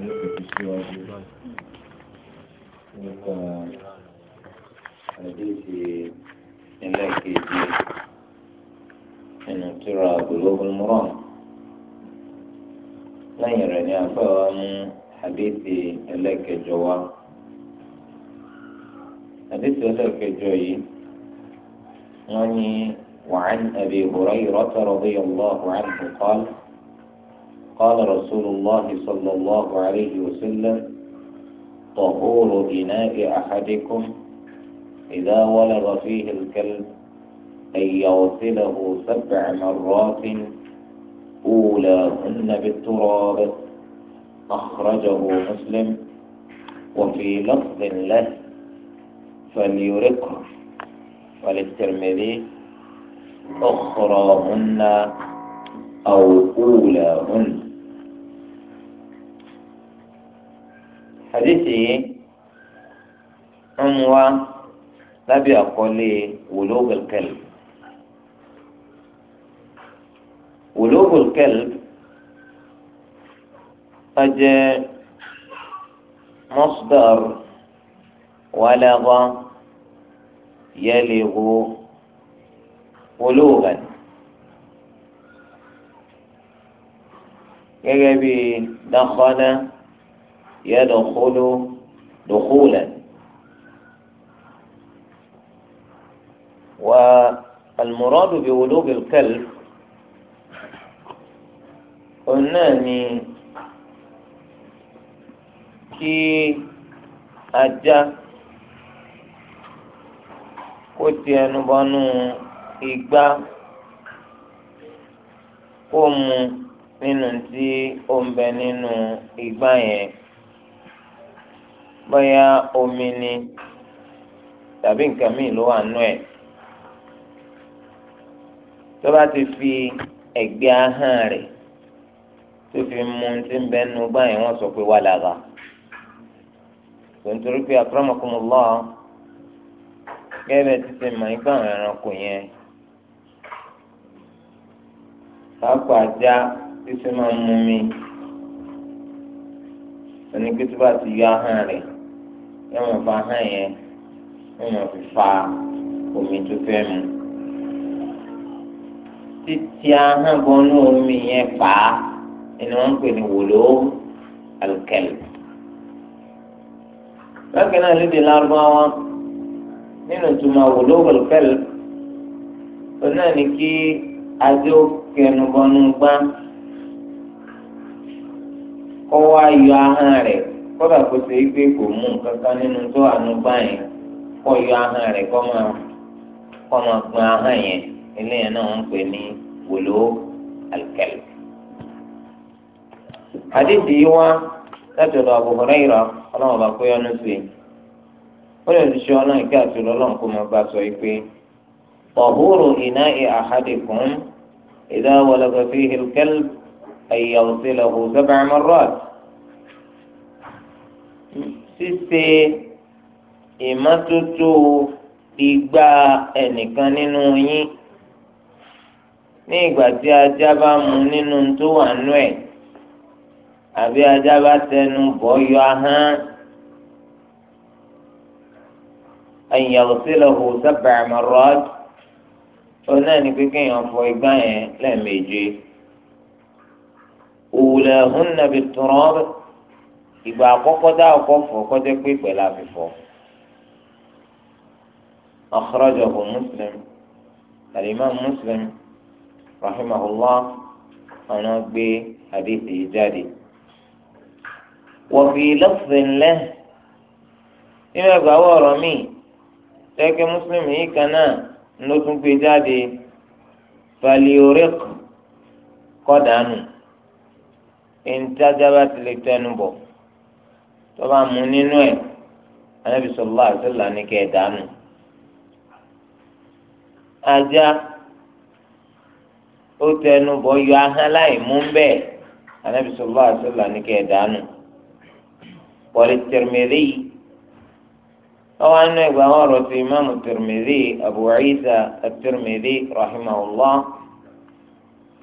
ní òkè síwájú nípa àdéhìí ẹlẹ́ẹ̀kejì nínú tíra Bulughul Maram lẹ́yìn rẹ̀ ní afẹ́wà mú àdéhìí ẹlẹ́ẹ̀kẹjọ wá àdéhìí ẹlẹ́ẹ̀kẹjọ yìí wọ́n ní وعن أبي هريرة رضي الله عنه قال قال رسول الله صلى الله عليه وسلم طهور إناء أحدكم إذا ولغ فيه الكلب أن يغسله سبع مرات أولاهن بالتراب أخرجه مسلم وفي لفظ له فليرقه وللترمذي أخراهن أو أولاهن hadithi yìí ń mú wa lábẹ́ àkọlé wulugul kalb wulugul kalb ọjẹ́ masdar walagha yalighu wulugan gẹ́gẹ́ bí dakhala. يدخل دخولا والمراد بولوغ الكلب قلنا kí ajá kó ti ẹnu bọnú igbá kó mu nínú tí ó ń bẹ nínú igbá yẹn bóyá omi ni tàbí nǹkan míì ló wà nú ẹ̀ tó bá ti fi ẹ̀gbẹ́ ahọ́n rẹ̀ tó fi mu ti ń bẹ́ nu báyìí wọ́n sọ pé wà lára tòǹtòrí pé akramakumullah gẹ́gẹ́ ti ti mọ̀ nípa àwọn ẹranko yẹn pàápàá já títí máa mú mi onígbé tó bá ti yọ ahọ́n rẹ̀ yóò mọ̀ fà hàn yẹn yóò mọ̀ fi fa omi tó fẹ́ mu títí ahọ́n bọ́nú omi yẹn pa ni wọ́n ń pè ní wòlò alkẹ́lì bákan náà lédè lárúbáwá nínú ìtumọ̀ wòlò alkẹ́lì tó náà ní kí adé ó kẹnu bọ́nú gbá kọ́ wá yọ ahọ́n rẹ̀ kódà kó ṣe é pé kò mú nǹkan kan nínú tó àánú báyìí kó yọ ahọ́n rẹ̀ kó máa kó máa gbọ́n ahọ́n yẹn eléyàn náà ń pè ní wòlò alkẹ́lẹ̀. àdéhùn yìí wá láti ọ̀dọ̀ Abu Hurairah ọlọ́run bá kóyọ́ ní sí ó lè ṣe ọ́nà ìkẹ́ àti ọlọ́run kó máa bá sọ pé ọ̀húrò iná ahadikum idha walaga fihi alkalb an yaghsilahu sab'a marrat ṣíṣe ìmọ́tótó igbá ẹnìkan nínú yín ní ìgbà tí ajá bá mu nínú tó wà nú ẹ̀ àbí ajá bá tẹnu bọ́ yọ ahọ́n ayọ̀sílẹ̀hù sábà àmọ̀rọ́d ó náà ní pípé yẹn fọ igbá yẹn lẹ́ẹ̀mejì òwúlẹ̀ hùn nàbì tùrọ́bù ìgbà àkọ́kọ́ dá ọkọ̀ fọ̀ kọjá pé pẹ̀lú àfìfọ́ akhrajahu muslim alimam muslim rahimahullah ọ̀nà gbé hadith yìí jáde. wa fi lafzin lahu nínú ẹgbàá ọ̀rọ̀ mi tẹ́kẹ́ muslim yìí kan náà ló tún gbé jáde faliorik kọ́dánù ìntájábá tilẹ̀ tẹnu tọ́ba mu nínú ẹ̀ anábì sallallahu alaihi wasallam ní kẹ́ ẹ̀ dànù. ajá ó tẹnu bọ́ yọ ahọ́n láì mú bẹ́ẹ̀ anábì sallallahu alaihi wasallam ní kẹ́ ẹ̀ dànù. wọ́n Tirmidhi طبعا عبارة الإمام الترمذي أبو عيسى الترمذي رحمه الله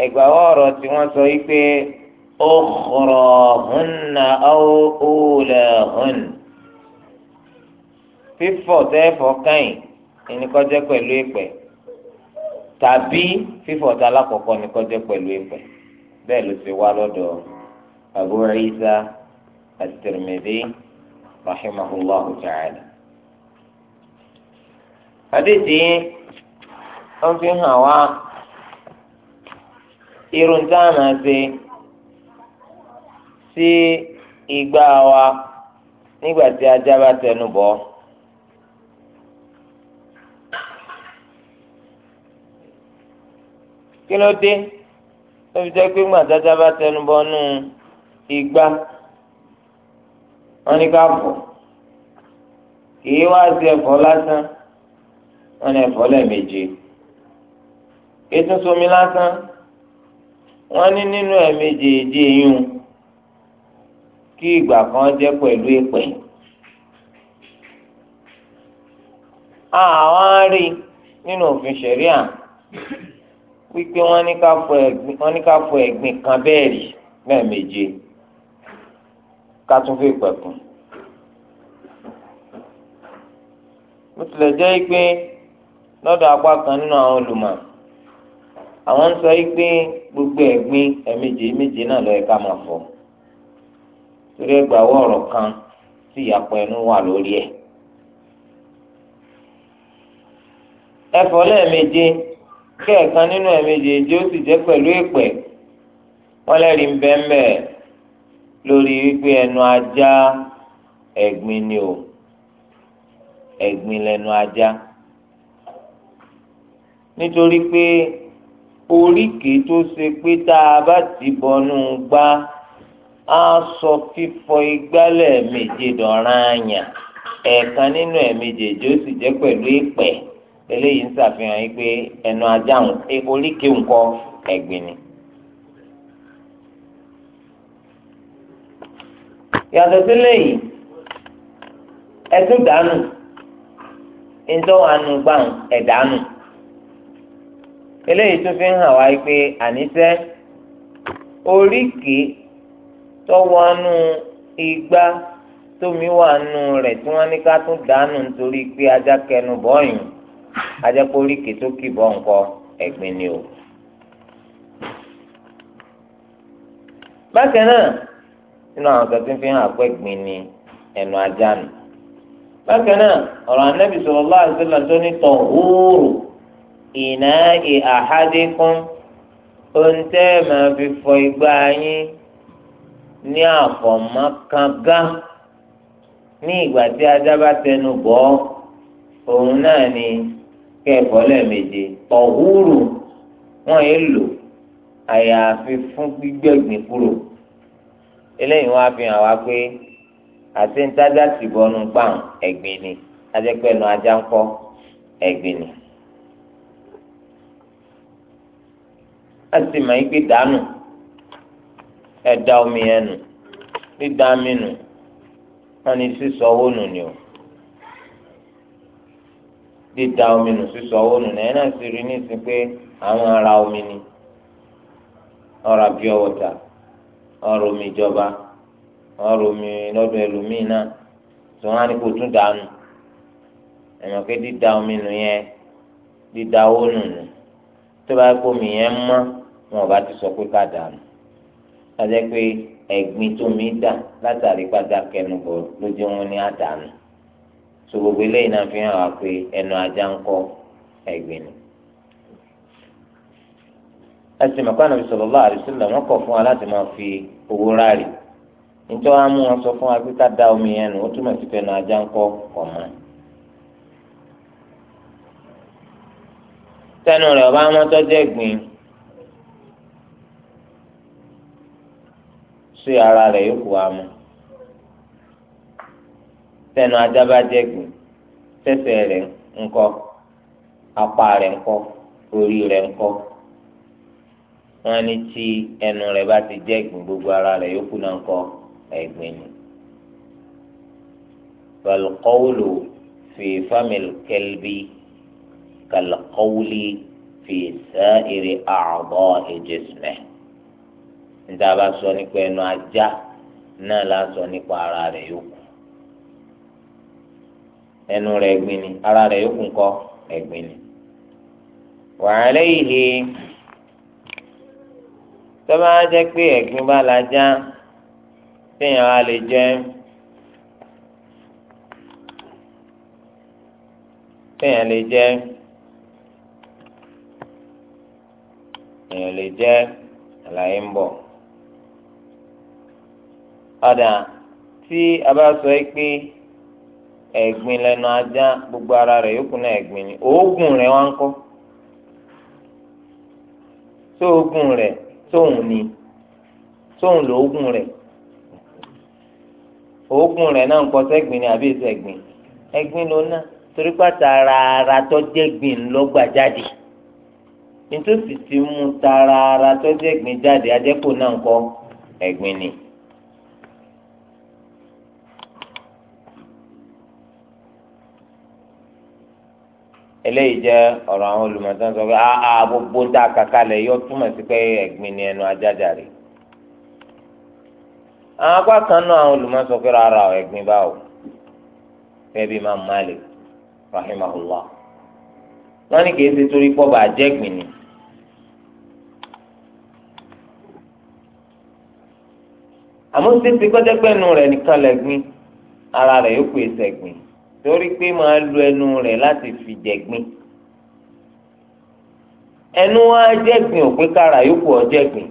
عبارة وصيفه أخراهن أو أولاهن fífọ̀ tẹ́fọ̀ kẹ́yìn ẹnìkọ́jẹ́ pẹ̀lú ìpẹ́ tàbí fífọ̀ tá alákọ̀ọ́kọ́ ẹnìkọ́jẹ́ pẹ̀lú ìpẹ́ bẹ́ẹ̀ ló ṣe wá lọ́dọ̀ Abu Isa at-Tirmidhi ta'ala. àdéhìí wọ́n fi hàn wá irun táwọn máa ṣe. sí igbá wa nígbà tí ajá bá tẹnu bọ̀ ọ́. kí ló dé tó fi jẹ́ pé gbàdájá bá tẹnu bọ́nú igbá wọn ní ká fọ̀ kìí wá sí ẹ̀fọ́ lásán wọn ní ẹ̀fọ́ lẹ́ẹ̀mejì ètò sómi lásán wọn ní nínú ẹ̀ẹ̀mejì èjì èyún tí ìgbà kan jẹ́ pẹ̀lú ìpẹ́ àwọn arí nínú òfin ṣẹ̀ríà wípé wọn ní ká fọ kan bẹ́ẹ̀ rí lẹ́ẹ̀méje ká tún fi tilẹ̀ jẹ́ pé lọ́dọ̀ apá kan nínú àwọn olùmọ̀ àwọn ń sọ gbogbo ẹ̀gbin méje náà máa torí ẹgbàáwọ ọ̀rọ̀ kan tí ìyàpọ̀ ẹnu wà lórí ẹ̀. ẹfọ lẹ́ẹ̀meje kẹ́ẹ̀kan nínú ẹ̀meje èjì ó sì jẹ́ pẹ̀lú ìpẹ́ wọ́n lẹ́rìí ń bẹ́ẹ̀mbẹ́ lórí wípé ẹnu ajá ẹ̀gbin ni o ẹ̀gbin lẹ́nu ajá nítorí pé oríkèé tó ṣe pé tá a bá ti bọnú gbá. á sọ fífọ igbálẹ̀ méje dọ̀ranyà ẹ̀ẹ̀kan nínú ẹ̀ méjèèjì ó sì jẹ́ pẹ̀lú ìpẹ́ eléyìí ń ṣàfihàn yìí pé ẹnu ajá e, oríkèé ńkọ ẹ̀gbin ni. yàtọ̀ sílẹ̀ yìí ẹtún dànù ńdọ́ anugbà ẹ̀dánù eléyìí tún fi tọ́wọ́ igba tómi wà nù rẹ̀ tí wọ́n ní ká tún dànù nítorí pé ajá kẹnu ajá kórí kìtókì nǹkan ni o. bákan náà nínú àwọn fi hàn pé ẹnu ajá nù. bákan náà ọ̀rọ̀ anábì sallallahu alaihi tó ní ìnáyè ohun tẹ́ ẹ̀ máa fi fọ igbá yín. ní àfọ̀mọ́kangá ní ìgbà tí ajá bá tẹnu bọ́ òun náà ni kẹ́ẹ̀bọ́ lẹ́ẹ̀méje ọ̀húrù wọ́n yìí lò àyàfi fún gbígbẹ̀gbìn kúrò eléyìí wọ́n á fi hàn wá pé àti ntájà sì bọ́nu gbàm ẹ̀gbìn ni ajẹ́pẹ́nu ajá ń kọ́ ẹ̀gbìn ni. a sì mọ̀ yín pé dànù ẹ̀dá omi yẹn nù dídá mi nù wọ́n ni o dídá omi nù sísọ owó nù náà náà sì rí ní ìsìn pé àwọn ará omi ni ọrụ omi ìjọba ọrụ omi lọ́dọ̀ ẹlòmíì náà tí wọ́n á ní kó tún dànù pé dídá omi nù yẹn dídá owó nù nù tó bá yẹn mọ́ wọn ò bá ti sọ adé pé ẹ̀gbin tó mi dà látàrí gbàgà kẹnubọ lójú wọn ní àdánù tó gbogbo eléyìí náà fi hàn wá pé ẹnu ajá ń kọ ẹ̀gbin ni. ẹsì mọ̀kọ́ àná bisọ̀rọ̀ lọ́wọ́ àdìsílẹ̀ wọn kọ̀ fún wa láti máa fi owó ráàlì nítorí wọn mú wọn sọ fún wa sí ara rẹ̀ yóò kó wa mu tẹnu ajá bá jẹ gbìn tẹsẹ̀ rẹ̀ ńkọ́ apá rẹ̀ ńkọ́ orí rẹ̀ ńkọ́ wọn ní tí ẹnu rẹ̀ bá ti jẹ gbìn gbogbo ara rẹ̀ yóò kú náà ńkọ́ ẹ̀gbin ni balqawlu fi famil kalbi kalqawli fi sa'iri a'dha'i jismihi níta bá sọ nípa ẹnu ajá náà la sọ nípa ara rẹ̀ yòókù ẹnu rẹ̀ ẹ̀gbin ni ara rẹ̀ yòókù ńkọ́ ẹ̀gbin ni wàhálà ìhe tó bá jẹ́ pé ẹ̀gbin bá la já téèyàn á lè jẹ téèyàn lè jẹ èèyàn lè jẹ àlàyé ń bọ̀. ọ̀dà tí a bá sọ yìí pé ẹ̀gbin lẹnu ajá gbogbo ara rẹ̀ yókù náà ẹ̀gbin ni òógùn rẹ̀ wá ń kọ́ tó òógùn rẹ̀ tóun ni tóun lòógùn rẹ̀ òógùn rẹ̀ náà ń kọ́ sẹ́gbin ni àbí ìsẹ̀gbin ẹ̀gbin ló ná torí pàtà ara ara tó jẹ́gbin lọ́gbà jáde nítòsí ti mú tara ara tó jẹ́gbin jáde ajẹ́kù náà ń kọ́ ẹ̀gbin ni. eléyìí jẹ́ ọrọ àwọn olùmọ̀tán sọ pé àà ah, dá ah, kàkà yóò sí pé ni ẹnu ajájà rè àwọn apá kan náà àwọn olùmọ̀ sọ pé rárá o ẹ̀gbin báwo fẹ́ẹ́bí máa Malik rahimahullah wọ́n ní kì í torí pọ́ bá ni. àmọ́ kọ́jọ́ rẹ̀ nìkan ara rẹ̀ yóò torí pé máa lu ẹnu rẹ̀ láti fi jẹ̀gbin ẹnu wa jẹ̀gbin òpin kára yòókù ọ jẹ̀gbin.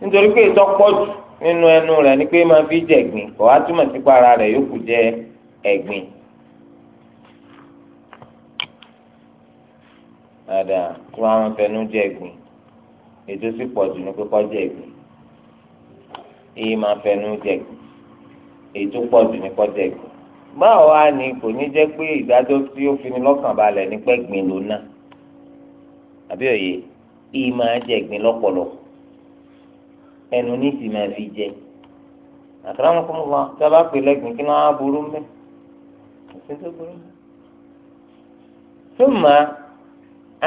nítorí pé ìtọ́ pọ̀jù nínú ẹnu rẹ̀ ni pé ma fi jẹ̀gbin kò wá túmọ̀ sí para yòókù jẹ́ ẹ̀gbin. dáadáa tí wọ́n á fẹnu jẹ̀gbin ètò sì pọ̀jù ní pé èyí máa fẹnu jẹ èyí tó pọ̀ jù ní kọ́jẹ́ gbìn báwo wá ni kò ní jẹ́ pé ìdájọ́ tí ó fi ní lọ́kàn balẹ̀ ní pẹ́gbin ló ná àbí òye èyí máa jẹ gbin lọ́pọ̀lọpọ̀ ẹnu ní sì máa fi jẹ àtàràmù kọ́ mọ́ wa tí a bá pè lẹ́gbìn kí wọ́n á burú mbẹ́ ṣé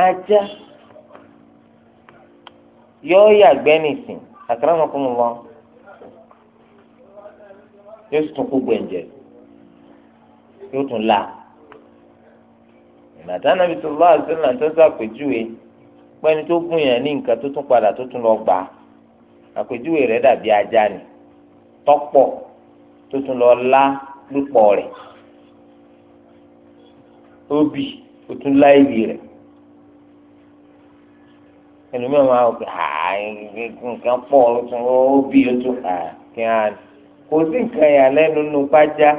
ajá yọ ọ́ yàgbẹ́ nìsín àtàràmù kọ́ mọ́ wa. yóò tún kú gbẹ̀ǹjẹ̀ yóò tún là ìgbàdá nàbí sọlá àzẹlà tó sàpèjúwe pẹ́ni tó gùn yàn ní nǹkan tó tún padà tó tún lọ gbà àpèjúwe rẹ̀ dàbí ajá ni tọ́pọ̀ tó tún lọ lá pípọ̀ rẹ̀ obì ó tún lá ìrì rẹ̀ ẹlòmíràn máa nǹkan pọ̀ ó tún ó tún kí á ní. kò sí nǹkan ìyàlẹ́nu nínú pàjá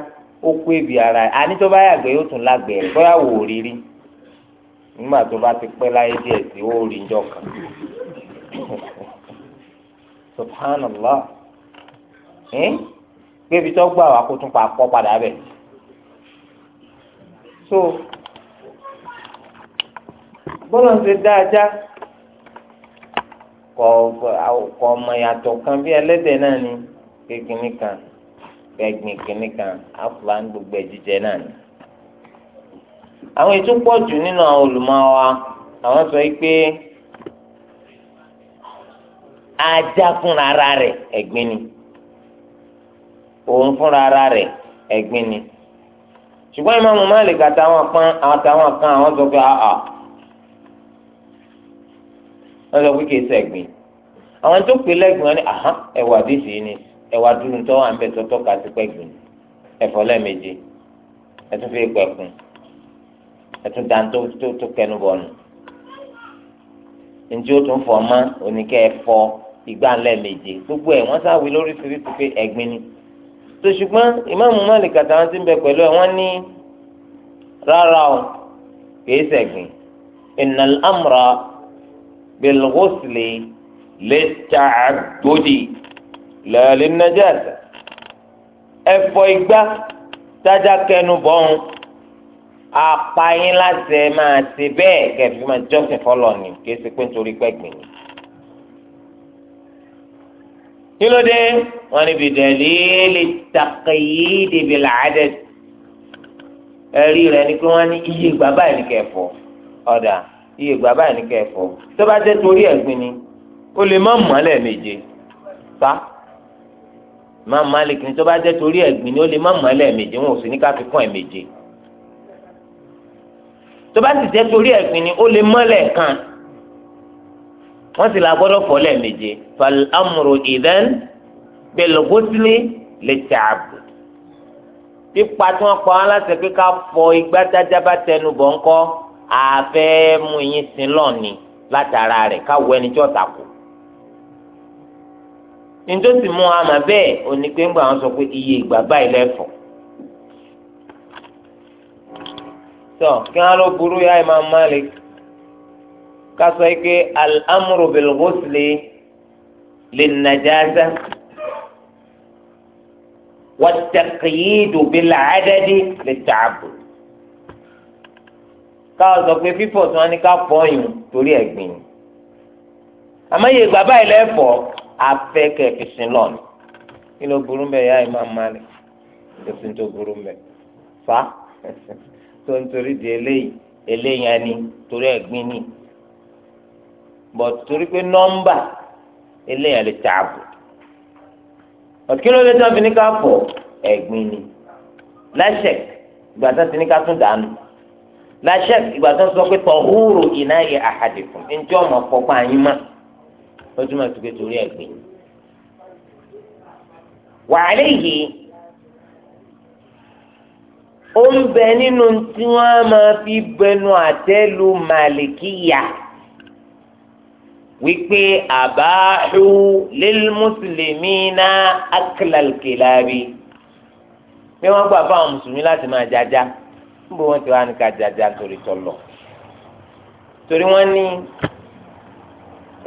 ó kó ara ẹ̀ àní tó bá yàgbẹ́ yóò tún lágbẹ́ ẹ̀ bóyá wò ó ti pẹ́ láyé díẹ̀ sí ó rí njọ́ kan subhanallah pébi tó gbà wá kó tún pa pọ́ padà bẹ̀ so bọ́lá ń ṣe dáadáa kọ̀ ọmọ pé kan kan gbogbo ẹ̀ náà ni. àwọn ètò pọ̀ jù nínú àwọn àwọn sọ pé ajá fúnra rẹ̀ ẹ̀gbin ni òun fúnra rẹ̀ ẹ̀gbin ni ṣùgbọ́n ìmáàmù Málíkì àtàwọn kan àtàwọn kan àwọn sọ pé àà wọ́n sọ pé kìí àwọn tó pè lẹ́gbin ẹwà dúró tó wà ń bẹ tó tọ́ka sí pẹ́gbìn ẹ̀fọ́ lẹ́ẹ̀mejì ẹtún fi pẹ̀kùn ẹtún dá tó tó kẹnu bọ̀nù njẹ́ o tún fọ̀ mọ́ oníkẹ́ ẹ̀fọ́ ìgbà lẹ́ẹ̀mejì gbogbo ẹ̀ wọ́n sáwé lórí fífi pé ẹ̀gbin ni tó ṣùgbọ́n ìmáàmù Málíkì àtàwọn tí ń bẹ pẹ̀lú ẹ̀ wọ́n ní rárá o kìí ṣẹ̀gbin innal amra bil ghusli lit ta'abbudi la lin najasa ẹ̀fọ́ igbá tájà kẹnu bọ́n apáyín láti ẹ máa ṣe bẹ́ẹ̀ kẹfì máa jọ́sìn fọlọ́ ni kí ẹsẹ̀ pé nítorí pẹ́ gbìn ní. kí ló dé wọn níbi dẹ̀líìlì taqyid bil adad ẹ̀rí rẹ̀ ni pé wọ́n ní iye ìgbà báyìí ní kẹfọ́ ọ̀dà iye ìgbà báyìí ní kẹfọ́ tó bá jẹ́ torí ẹ̀gbìn ni ó lè má mọ́ lẹ́ẹ̀méje pa máa malik ní tó bá jẹ́ torí ẹ̀gbìn ni ó lè má mọ́ ẹlẹ́ẹ̀mejì wọn ò sì ní ká fi kún ẹ̀mejì tó bá sì jẹ́ torí ẹ̀gbìn ni ó lè mọ́ lẹ́ẹ̀kan wọ́n sì la gbọ́dọ̀ fọ́ lẹ́ẹ̀mejì fal amru idan bil ghusli li ta'abbud pípa tí wọ́n pa wọn láti pé ká fọ igbá dájá bá tẹnu bọ̀ ńkọ́ àfẹ́ mú yín sin lọ́ọ̀ni látara rẹ̀ káwọ ẹni tí ó takò nítòsí mú àmà bẹ́ẹ̀ òní pé ńgbà wọn sọ pé iye ìgbà báyìí lẹ́fọ̀ tọ kí wọn lọ burú yá Imam Malik kásọ ike al-amru bil-ghusli lin-najasa wat-taqyidu bil-adadi lit káwọn sọ pé fífọ̀ tí wọn ní ká fọyín torí ẹ̀gbìn àmọ́ ìgbà báyìí lẹ́fọ̀ọ́. afẹ́ kẹ̀kẹ́ sin lọ́ọ̀nù kí burú ya yá Imam Malik kò tó burú bẹ́ẹ̀ fa tó di eléyìí eléyìí torí ẹ̀gbin ni bọ̀ torí pé nọ́mbà eléyìí ẹni tààbù ọ̀tí kí ló fi ní ká ni láṣẹ ìgbà tó fi ní ká tún dànù ìgbà sọ pé lójúmọ̀ tó gbé torí ẹ̀gbìn. wàhálà yìí ó ń bẹ nínú tí wọ́n máa fi bẹnu àtẹ́ lu màlìkíyà wípé àbáhù lilmuslimina aklal kilabi bí wọ́n gbà fáwọn mùsùlùmí láti máa jájá níbo wọ́n ti wá ní ká jájá torí tọ́lọ̀ torí wọ́n ní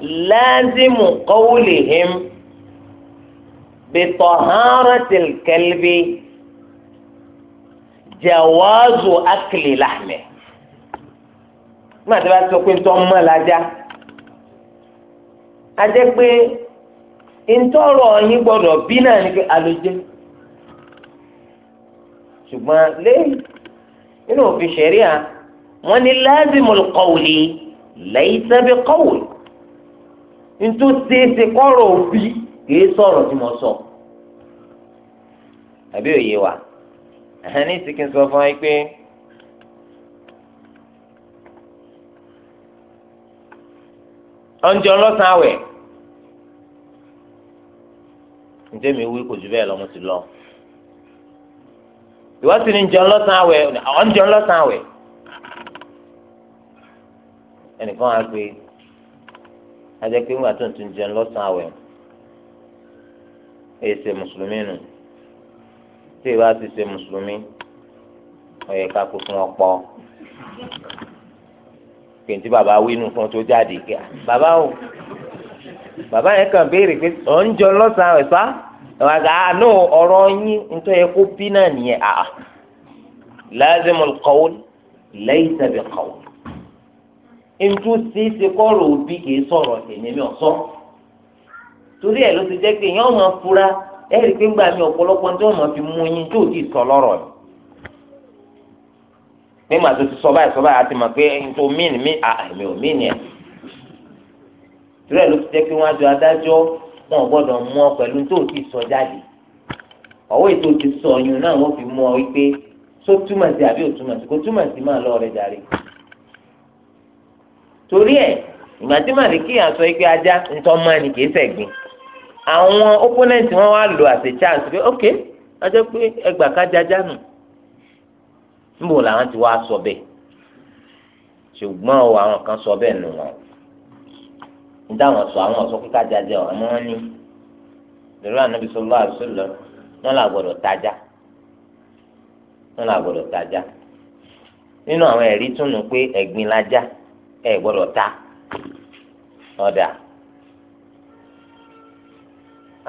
lázimu qawlihim bitaharatil kalbi jawazu akli lahmih màtí bá sọ pé ntọ́ mọ́ lajá ajẹ́ pé ntọ́rọ̀ yín gbọ́dọ̀ bí náà ní alójẹ́ ṣùgbọ́n lẹ́yìn nínú òfin ṣẹ̀ríà wọ́n ní lazimul qawli laysa biqawli ntó ṣeéṣe kọ́rọ̀ òbí kìí sọ̀rọ̀ tí mo sọ. àbí òye wa ẹ̀hán ní ìsìnkí sọ fún wa pé ọ̀njẹ́ ọlọ́sàn àwẹ̀ ǹjẹ́ mi wí kò jù bẹ́ẹ̀ lọ́mọ sí lọ. ìwádìí ni ǹjẹ́ ọlọ́sàn àwẹ̀ ọ̀njẹ́ ọlọ́sàn àwẹ̀ ẹnìkan á pè é ajẹ́ pé ńgbà tó ń tún jẹun lọ́sàn-án àwẹ̀ èyí ṣe mùsùlùmí nù tí ìbá ti ṣe mùsùlùmí ọ̀yẹ̀ ká kó fún ọ̀pọ̀ pèntí bàbá wínú fún tó jáde kí bàbá o bàbá yẹn kàn béèrè pé ọ̀ ń jẹun lọ́sàn-án àwẹ̀ sá ẹ̀wọ̀n àgbà àánú ọ̀rọ̀ yín nítorí yẹ kó bí náà nìyẹn àà lazimul qawl laysa bi qawl ntú ṣeéṣe kọ́rọ̀ òbí kìí sọ̀rọ̀ tèmi mi ọ̀sọ́ torí ẹ̀ ló ti jẹ́ pé yẹn ọmọ fura ẹ̀ rí pé ńgbà mi ọ̀pọ̀lọpọ̀ tí wọ́n mọ̀ fi mú yín tí ò tí ì sọ lọ́rọ̀ ni pé màá tó ti sọ báyìí sọ báyìí àti mà pé ntò mí ni mí àmì ò mí ni ẹ̀ torí ẹ̀ ló ti jẹ́ pé wọ́n á jọ adájọ́ wọn ò gbọ́dọ̀ mú ọ pẹ̀lú tí ò tí ì sọ jáde ọ̀wọ́ ètò ti sọ ọyún náà wọ́n fi mú ọ wípé só túmọ̀ sí àbí ò sí kó túmọ̀ sí máa lọ rẹ̀ jàre. torí ẹ ìgbà tí màlìkì àsọ ike ajá ntọ́mọ ni kìí sẹ̀gbìn àwọn opponent wọn wá lò àti chance pé ok ajá pé ẹgbà kájájá nù níbo làwọn ti wá sọ ṣùgbọ́n o kan sọ bẹ́ẹ̀ nù wọn nítawọn sọ àwọn ọ̀sọ́ kíkà ní lórí ànábi sọlá àṣìlọ wọn là gbọdọ̀ tajà wọn là gbọdọ̀ tajà nínú àwọn ẹ̀rí túnú ẹ gbọ́dọ̀ ta ọ̀dà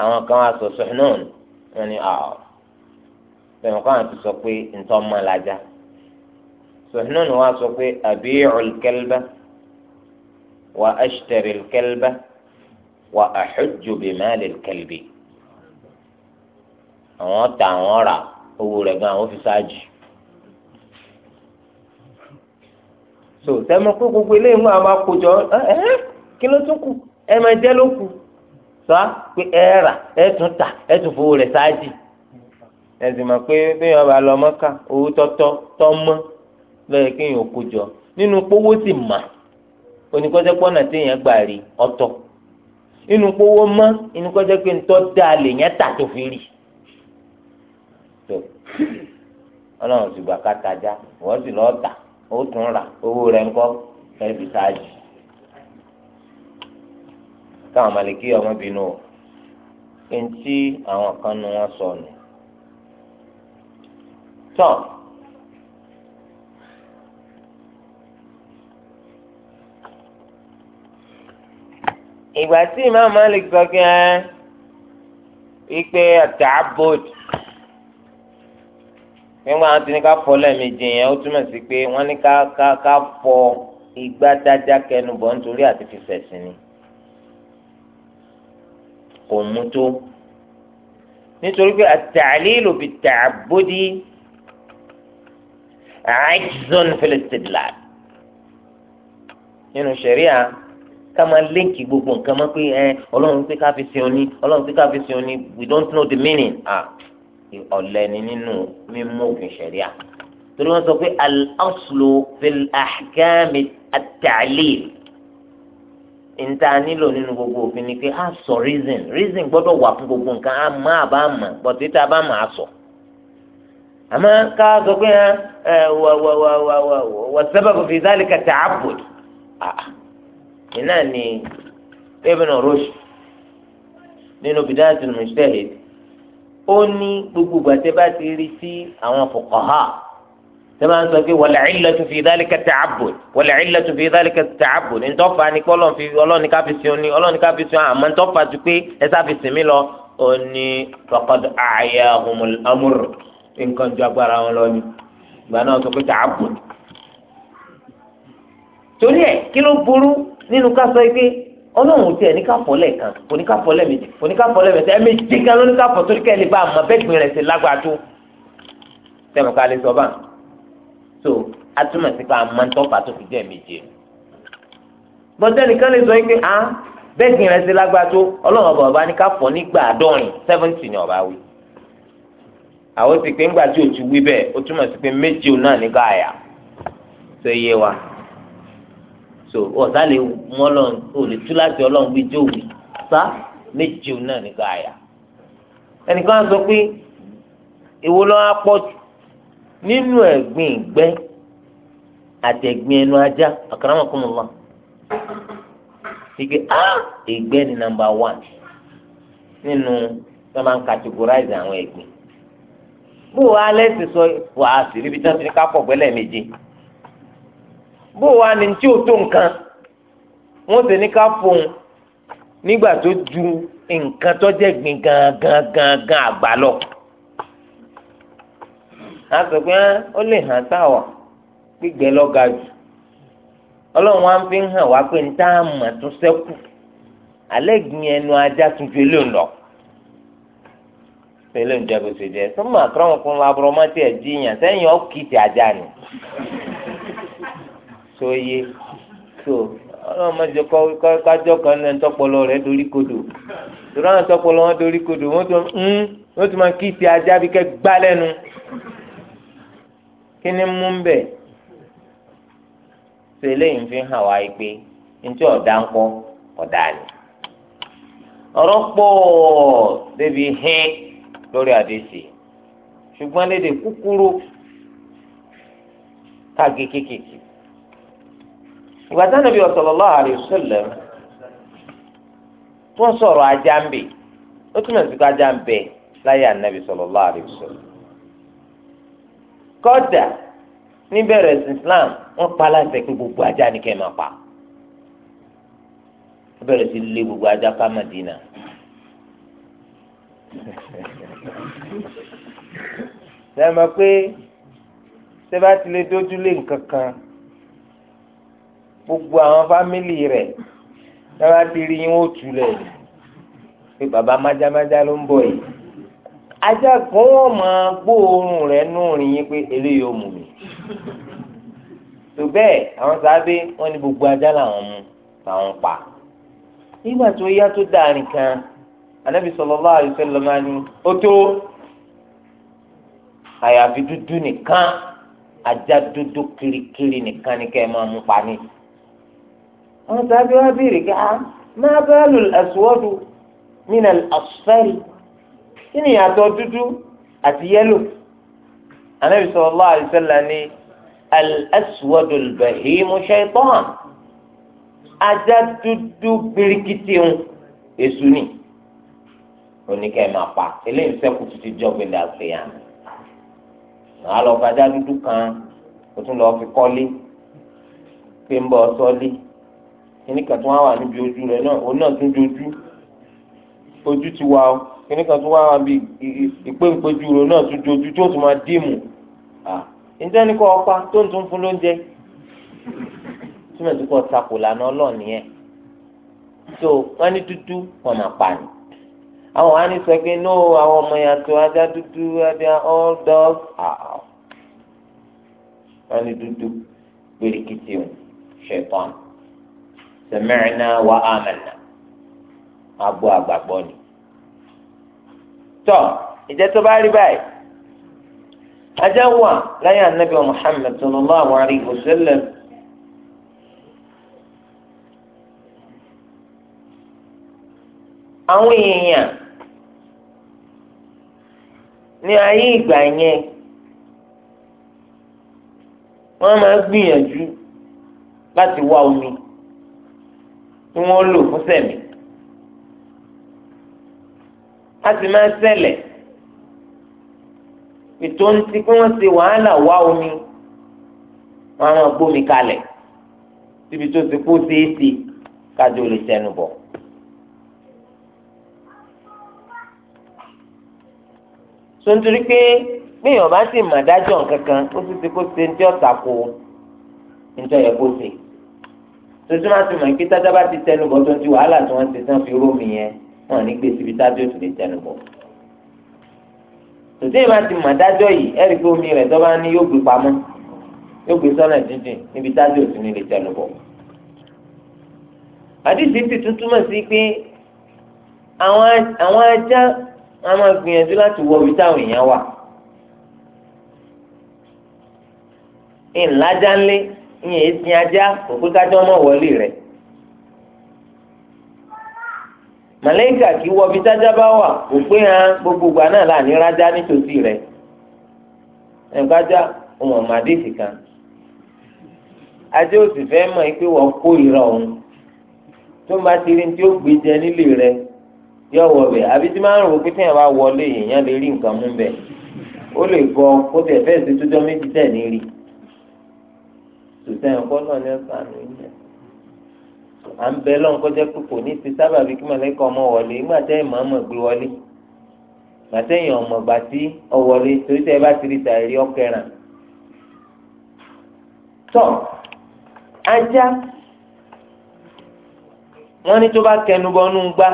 àwọn kan wá sọ sọ̀hánán wọn ni ọ̀ bẹ̀rẹ̀ kọ́ àwọn ti sọ pé ntọ́ mọ́ lajá sọ̀hánán wá sọ pé abi'ul kalba wa ashtaril kalba wa ahujju bimalil kalbi àwọn ta àwọn rà owó rẹ̀ gan àwọn fi ṣáájú. so sẹ́mi kú gbogbo eléyìí mú àwọn akójọ ẹ kí ló tún kù ẹ máa jẹ́ ló kù sọ pé ẹ rà ẹ tún tà ẹ tún fowó rẹ̀ ṣáájì ẹ sì mọ̀ pé bẹ́ẹ̀ ọba lọ mọ́ká owó tọ́tọ́ tọ́ mọ́ lọ́yẹ kéèyàn kójọ nínú pówó sì mà oníkọ́jẹ́pọ́nà téèyàn gbà rí ọ̀tọ̀ inú kpowó mọ inú kọjá pé ó tún rà owó rẹ̀ ńkọ́ ẹbí sáájì táwọn malikí ọmọbìnrin o eŋti àwọn kan nu wọn sọnù tọ ìgbà tí ìmáàmù Malik sọ kí ẹ wípé àtàbọ̀dù nígbà wọn ti ní ká fọ lẹ́ẹ̀mejì yẹn ó túmọ̀ sí pé wọ́n ní ká ká ká fọ igbá dájá kẹnu bọ̀ nítorí àti fi fẹ̀sìn ni kò mú tó nítorí pé at-ta'lil bit-ta'abbudi ajzun fil-istidlal nínú ṣẹ̀ríà ká máa léǹkì gbogbo nǹkan mọ́ pé ẹ ọlọ́run pé ká fi sin ọ ọlọ́run pé ká fi sin ọ we don't know the meaning. Ah ọ̀lẹ́ni nínú mímú òfin ṣẹ̀ríà torí wọ́n sọ pé al-aslu fil ahkami at-ta'lil nta nílò nínú gbogbo òfin ni pé a sọ reason reason gbọ́dọ̀ wà fún gbogbo nǹkan a mọ̀ àbá mọ̀ but títa a bá mọ̀ a sọ àmọ́ ká sọ pé ẹ wà wà wà wà wà wà sababu fi dhalika ta'abbud ah, iná ni Ibn Rushd nínú bidayatul mujtahid ó ní gbogbo gbàtẹ́ bá ti rí sí àwọn fuqaha tẹ́lẹ̀ ń sọ pé wal illatu fi dhalika ta'abbud wal illatu fi dhalika ta'abbud ntọ́fà ni kọ́lọ́n fi ọlọ́ni ká fi sin ó ní ọlọ́ni ká fi sin àmọ́ ntọ́fà ju pé ẹ sá fi sin mí lọ ó ní faqad a'yahumul amr nǹkan ju agbára wọn lọ ni ìgbà náà sọ pé ta'abbud. torí ẹ kí ló burú nínú ká sọ ọlọ́run tiẹ̀ ní ká fọ́lẹ̀ kan kò ní ká fọ́lẹ̀ méjì kò ní ká fọ́lẹ̀ mẹ́ta ẹ méjì kan ló ní ká fọ́ torí ká ẹ lè bá a mọ bẹ́ẹ̀ gbin rẹ̀ sí lágbàá tó tẹ̀mọ̀ ká lè sọ bá so atúmọ̀ sí ká máa ń tọ́fà tó fi jẹ́ méjì bọ́tẹ́ nìkan lè sọ yín pé ah bẹ́ẹ̀ gbin rẹ̀ sí lágbàá tó ọlọ́run ọba ọba ní ká fọ́ nígbà àádọ́rin seventy ni ọba wí àwọn ti pé ńgbà tí o ti wí bẹ́ẹ̀ o túmọ̀ sí pé so ọ̀sá lè mú ọlọ́run ó lè tú láti ọlọ́run gbé jó wí sá méje náà nígbà àyà ẹnìkan sọ pé èwo lọ́wọ́ n'inu nínú ẹ̀gbin ìgbẹ́ egbin ẹnu ajá akara ike a ìgbẹ́ ni nàmbà wán nínú tó máa ń categorize àwọn ẹ̀gbin bó wa alẹ́ ti sọ tí wọ́n ti ní ká bó wa ni tí o tó nǹkan wọ́n sì ní ká fún un nígbà tó ju nǹkan tó jẹ́ gbin gangan gangan àgbà lọ. a sọ pé ó lè hàn táwa gbígbẹ lọ́ga jù ọlọ́run wa fi ń hàn wá pé ń tá a mọ̀ tó sẹ́kù alẹ́ gbin ẹnu ajá tuntun ilé ń lọ pẹ̀lú ìjọba òṣèjẹ sọmọ àtọrọmọkùnrin labọrọmọtì ẹ jíyàn sẹ́yìn ọkì tí ajá ni tó yé tó ọlọ́run mọ̀jọ kájọ́ kan náà tọpọlọ rẹ̀ dorí kodò tòrọ àwọn tọpọlọ wọn dorí kodò wọn tó ń hmm, wọn tó máa kí ti ajá bí kẹ́ gbá lẹ́nu kí ni mú ń bẹ̀ tó eléyìí fi hàn wá pé ntí ọ̀dà ń kọ́ ọ̀dà ni ọ̀rọ̀ pọ̀ débi hẹ́n lórí àdéhìí ṣùgbọ́n léde kúkúrú káàgé kéékèèké ìgbà tí Ànábì sallallahu alayhi wa sallam tó ń sọ̀rọ̀ ajá ń bè ó túmọ̀ sí pé ajá ń bẹ láyé Ànábì sallallahu alayhi wa sallam kọ́dà níbẹ̀rẹ̀ sí Islam wọ́n pa láti pé gbogbo ajá ni kẹ́ pa bẹ̀rẹ̀ sí lé gbogbo ajá ká Mádínà sẹ́mi pé sẹ́bà ti lè dójú lé nǹkan kan gbogbo àwọn fámìlì rẹ̀ lọ́wọ́ ti rí yín ó tulẹ̀ pé bàbá májámájá ló ń bọ̀ yìí ajá kan wọ́n máa gbóòórùn rẹ̀ nù rìn yín pé eléyìí ó mú mi tó bẹ́ẹ̀ àwọn sábẹ́ wọ́n ní gbogbo ajá làwọn mú làwọn pa nígbà tó yá tó dàrin kan anabi sallallahu alaihi wasallam ni ó tó àyàfi dúdú nìkan ajá dúdú kirikiri nìkan ni kẹ́ ẹ máa mú pa ní àwọn sábẹ wa béèrè ká ah, máa bá lò àsùwọ́dù nínú àsùfẹ́rì kí ni ìyàtọ̀ dúdú àti yẹ́lò anabi sallallahu alaihi wasallam ni al-aswadu al-bahimu shaytan ajá dúdú birikiti ń èso ni oníkẹ́ máa pa eléyìí sẹ́kù títí jọ́gbìn dà sí yàn àlọ́ fàájà dúdú kan ó tún lọ́ọ́ fi kọ́lé pé ń bọ́ sọ́lé kíní kan tó wá wà níbi ojú rẹ náà òun náà tún dojú ojú ti wá o kíní kan tó wá wà bí ìpéǹpéjú rẹ náà tún dojú tó tún máa dìmù ǹjẹ́ ní kọ́ ọpa tó ń tún fún lóúnjẹ túmọ̀ tí kò takò lànà ọlọ́ọ̀ni yẹn so wọ́n ní dúdú wọn máa pa ni àwọn wa ní sọ pé no àwọn ọmọ yàtọ̀ ajá dúdú ajá all dogs are out wọ́n ní dúdú pèrèkìtì ṣẹ̀tọ́nù sẹmẹ́rìnà wà ámẹ́nà agbo àgbàgbọ́ ni. tọ́ ìjẹ́ tó bá rí báyìí ajá wà láyé anabi muhammed sallallahu alayhi wa sallam. àwọn èèyàn ní ayé ìgbà yẹn wọ́n máa gbìyànjú láti wá omi tí wọ́n lò fún sẹ̀mí. a sì máa ṣẹlẹ̀ ètò ń ti kí wọ́n ṣe wàhálà wá omi wọ́n á máa gbómi kalẹ̀ síbi tó ti kó séèsì kájọ lè tẹnu bọ̀. sontori pé bíyàn bá sì mà dájọ́ nǹkan kan ó sì ti kó ṣe ní tí ọ̀sà kó ní tí ọ̀yẹ́ kó ṣe tuntun máa ti mọ̀ pé tájá bá ti tẹnu bọ̀ tó ti wàhálà tí wọ́n ti tán fi rómi yẹn wọn ní gbèsè bí tájá ò sì lè tẹnu bọ̀. tòtí ìbá ti mọ̀ dájọ́ yìí ẹ̀rí pé omi rẹ̀ tó bá ní yóò gbé pamọ́ yóò gbé sọ́nà dídìn níbi tájá ò sì ní lè tẹnu bọ̀. àdìsí ti tuntun mọ̀ sí pé àwọn ajá wọn máa gbìyànjú láti wọ ibi táwọn èèyàn wà. ìlàjà ńlẹ́ ìyẹn èsì ajá òpé kájọ náà wọlé rẹ̀ màlẹ́kà kì í wọ bí tájá bá wà òpé hàn gbogbo ìgbà náà là ní rájá nítòsí rẹ̀ ẹ̀ńkájá ọmọ màdéèsì kan ajá òsì fẹ́ mọ̀ pé wọ́n kó ìra òun tó ń bá ti rí ní tí ó gbé jẹ nílé rẹ̀ yọ wọ bẹ àbí tí máa ń rò pé tí wọlé sùtẹ́ ọ̀pọ̀ náà ni ọ̀sán àná yẹn à ń bẹ lọ́n kọjá púpọ̀ ní ti sábà bí kí mọ̀lẹ́kọ̀ ọmọ wọlé nígbà tẹ́ ìmọ̀ ọmọ gbé wọlé gbà tẹ́yìn ọmọ gbà tí ọ wọlé torí tẹ́ ẹ bá ti rí tàìrí ọkẹràn. tọ́ ajá wọ́n ní tó bá kẹnu bọ́nú gbá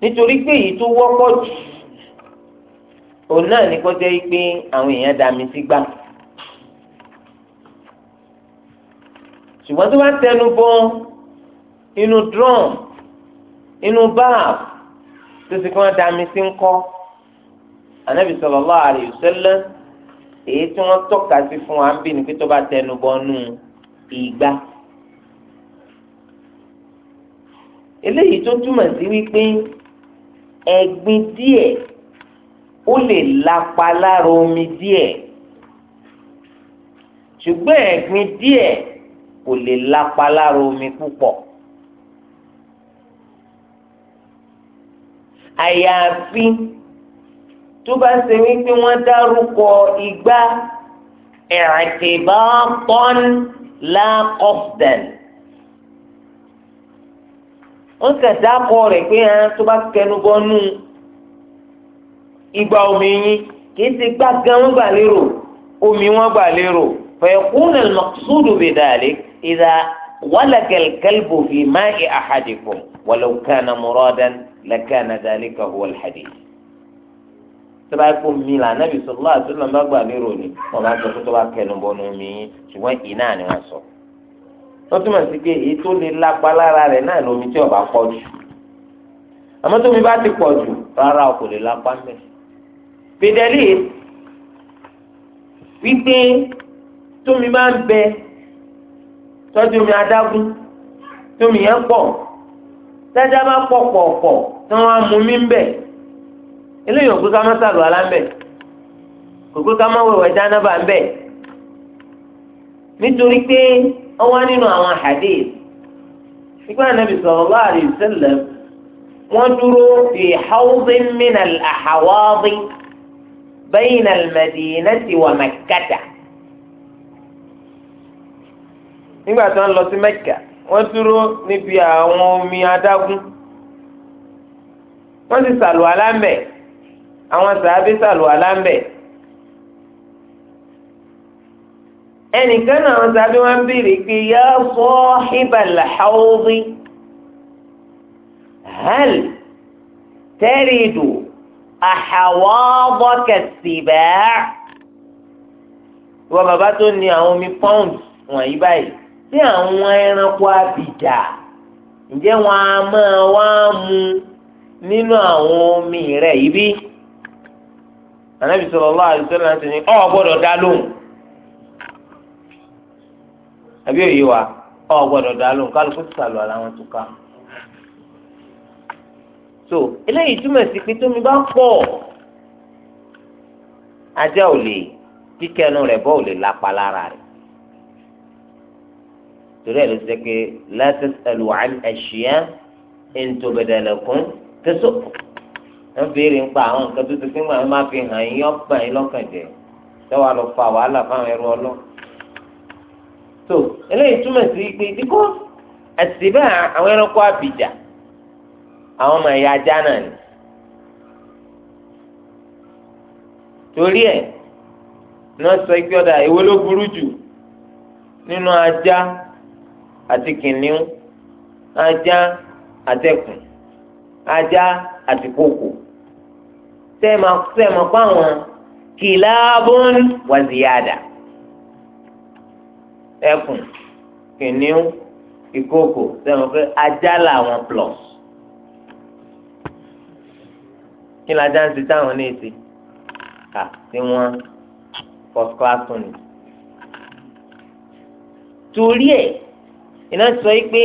nítorí pé èyí tó wọ́pọ̀ jù òun náà ní kọjá yìí pé àwọn èèyàn dàmí sí gbà. ṣùgbọ́n tó bá tẹnu bọ inú drum inú baaf tó sì kí wọ́n da mi sí ń kọ́ anabi sallallahu alayhi wa sallam èyí tí wọ́n tọ́ka sí fún wa ń bí ni pé tó bá tẹnu bọ nù ìgbà. eléyìí tó túmọ̀ sí wípé ẹ̀gbin díẹ̀ ó lè lapa lára omi díẹ̀ ṣùgbọ́n ẹ̀gbin díẹ̀ kò lè lápá lára omi púpọ̀. àyàfi tó bá ṣe wípé wọ́n dárúkọ igbá i'tibatan la qasdan. wọ́n kà dákọ̀ rẹ̀ pé hàn tó bá kẹnu bọ́nú ìgbà omi yín kì ti gbá gan gbà lérò omi wọ́n gbà lérò fa yakuna al-maqsudu إذا wàlàkẹl kẹlbù في ماء أحدكم، ولو كان kàna لكان ذلك هو الحديث. hàdì. tọ́ba kó mi là nàbì sọ̀rọ̀ àti lọ́nà gbà lérò ni wọ́n bá sọ pé tọ́ba kẹnu bọ́nu mi ṣùgbọ́n ìnáà ni wọ́n sọ wọ́n túmọ̀ sí pé èyí tó lè lápá lára rẹ̀ náà lómi tí ọba pọ̀ jù àmọ́ tómi bá ti pọ̀ jù rárá o kò lè lápá mẹ́. pédẹ́lì wípé tómi máa ń bẹ tọ́jú omi adágún tí omi yẹn pọ̀ tájá bá pọ̀ pọ̀pọ̀ tí wọ́n á mú mi ń bẹ̀ eléyìí òkú ká má sàlù alá ń bẹ̀ òkú ká má wẹ̀wẹ̀ dáná bá ń bẹ̀ nítorí pé wọ́n wá nínú àwọn hadith nígbà Ànábì sallallahu alaihi wasallam wọ́n dúró fi hawdin min al-ahawadi bayna al-madinati wa makkata. nígbà tí wọ́n lọ sí Mẹ́kà wọ́n dúró níbi àwọn omi adágún wọ́n ti sàlùwàlá ń bẹ̀ àwọn sàábé sàlùwàlá ń bẹ̀ ẹnìkan náà àwọn sàábé wọn béèrè pé yá sahibal hawdi hal taridu àhàwọ́bọ̀kẹ̀ sìbẹ́ wọ́n bàbá tó ní àwọn omi pọ́ùn wọ̀nyí báyìí. tí àwọn ẹranko abìjà ǹjẹ́ wọn a máa wá mu nínú àwọn omi rẹ̀ ibi bí? Ànábì sallallahu alaihi wasallam ti ní ọ gbọ́dọ̀ dá lóhùn àbí òye wa ọ gbọ́dọ̀ dá lóhùn kálukú ti sàlù ara wọn so eléyìí túmọ̀ sí pé tómi bá pọ̀ ajá ò lè kíkẹ́nu rẹ̀ torí ẹ̀ ló ṣe pé la tasalu an ashiya in tubda lakum tasu'kum ń béèrè ń pa àwọn nǹkan tó ti fún àwọn máa fi hàn yín ọgbà yín lọ́kàn jẹ́ tẹ́wàá lọ fa wàhálà fáwọn ẹrú ọlọ́ tó eléyìí túmọ̀ sí pé díkọ́ àtìbẹ́ àwọn ẹranko àbìjà àwọn ọmọ ẹ̀yà ajá náà ni torí ẹ̀ ní wọ́n sọ pé ọ̀dà ìwé ló burú jù nínú ajá àti kìnìún ajá àtẹkùn ajá àti kòkò sẹ́ẹ̀mà sẹ́ẹ̀mà fáwọn kìláàbùn wàzíyàdà ẹkùn kìnìún ìkòkò sẹ́ẹ̀mà pé ajá làwọn plus kí ni ajá ń ṣe táwọn ní ìsìn kà sí wọn first class tún ni torí ẹ̀ iná sọ yìí pé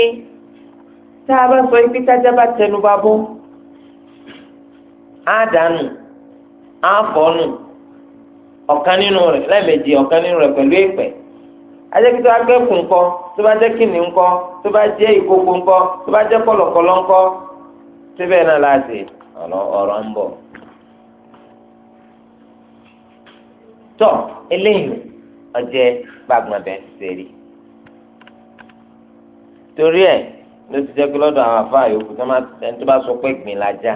tá a bá sọ yìí pé tájá bá tẹnu bá bọ́ á dànù á fọ́nù ọ̀kan nínú rẹ̀ lẹ́ẹ̀mejì ọ̀kan nínú rẹ̀ pẹ̀lú èpè ajẹ́kítọ́ agbẹ́kùn ńkọ́ tó bá jẹ́ kìnnì ńkọ́ tó bá jẹ́ ìkókó ńkọ́ tó bá jẹ́ kọ̀lọ̀kọ̀lọ̀ ńkọ́ síbẹ̀ náà láti ọ̀rọ̀ ń bọ̀. tọ́ eléyìí ọjẹ́ gbàgbọ́n bẹ́ẹ̀ ṣe rí torí ẹ̀ ló ti jẹ́ pé lọ́dọ̀ àwọn afá yòókù tó máa ẹni tó bá sọ pé gbìn lajá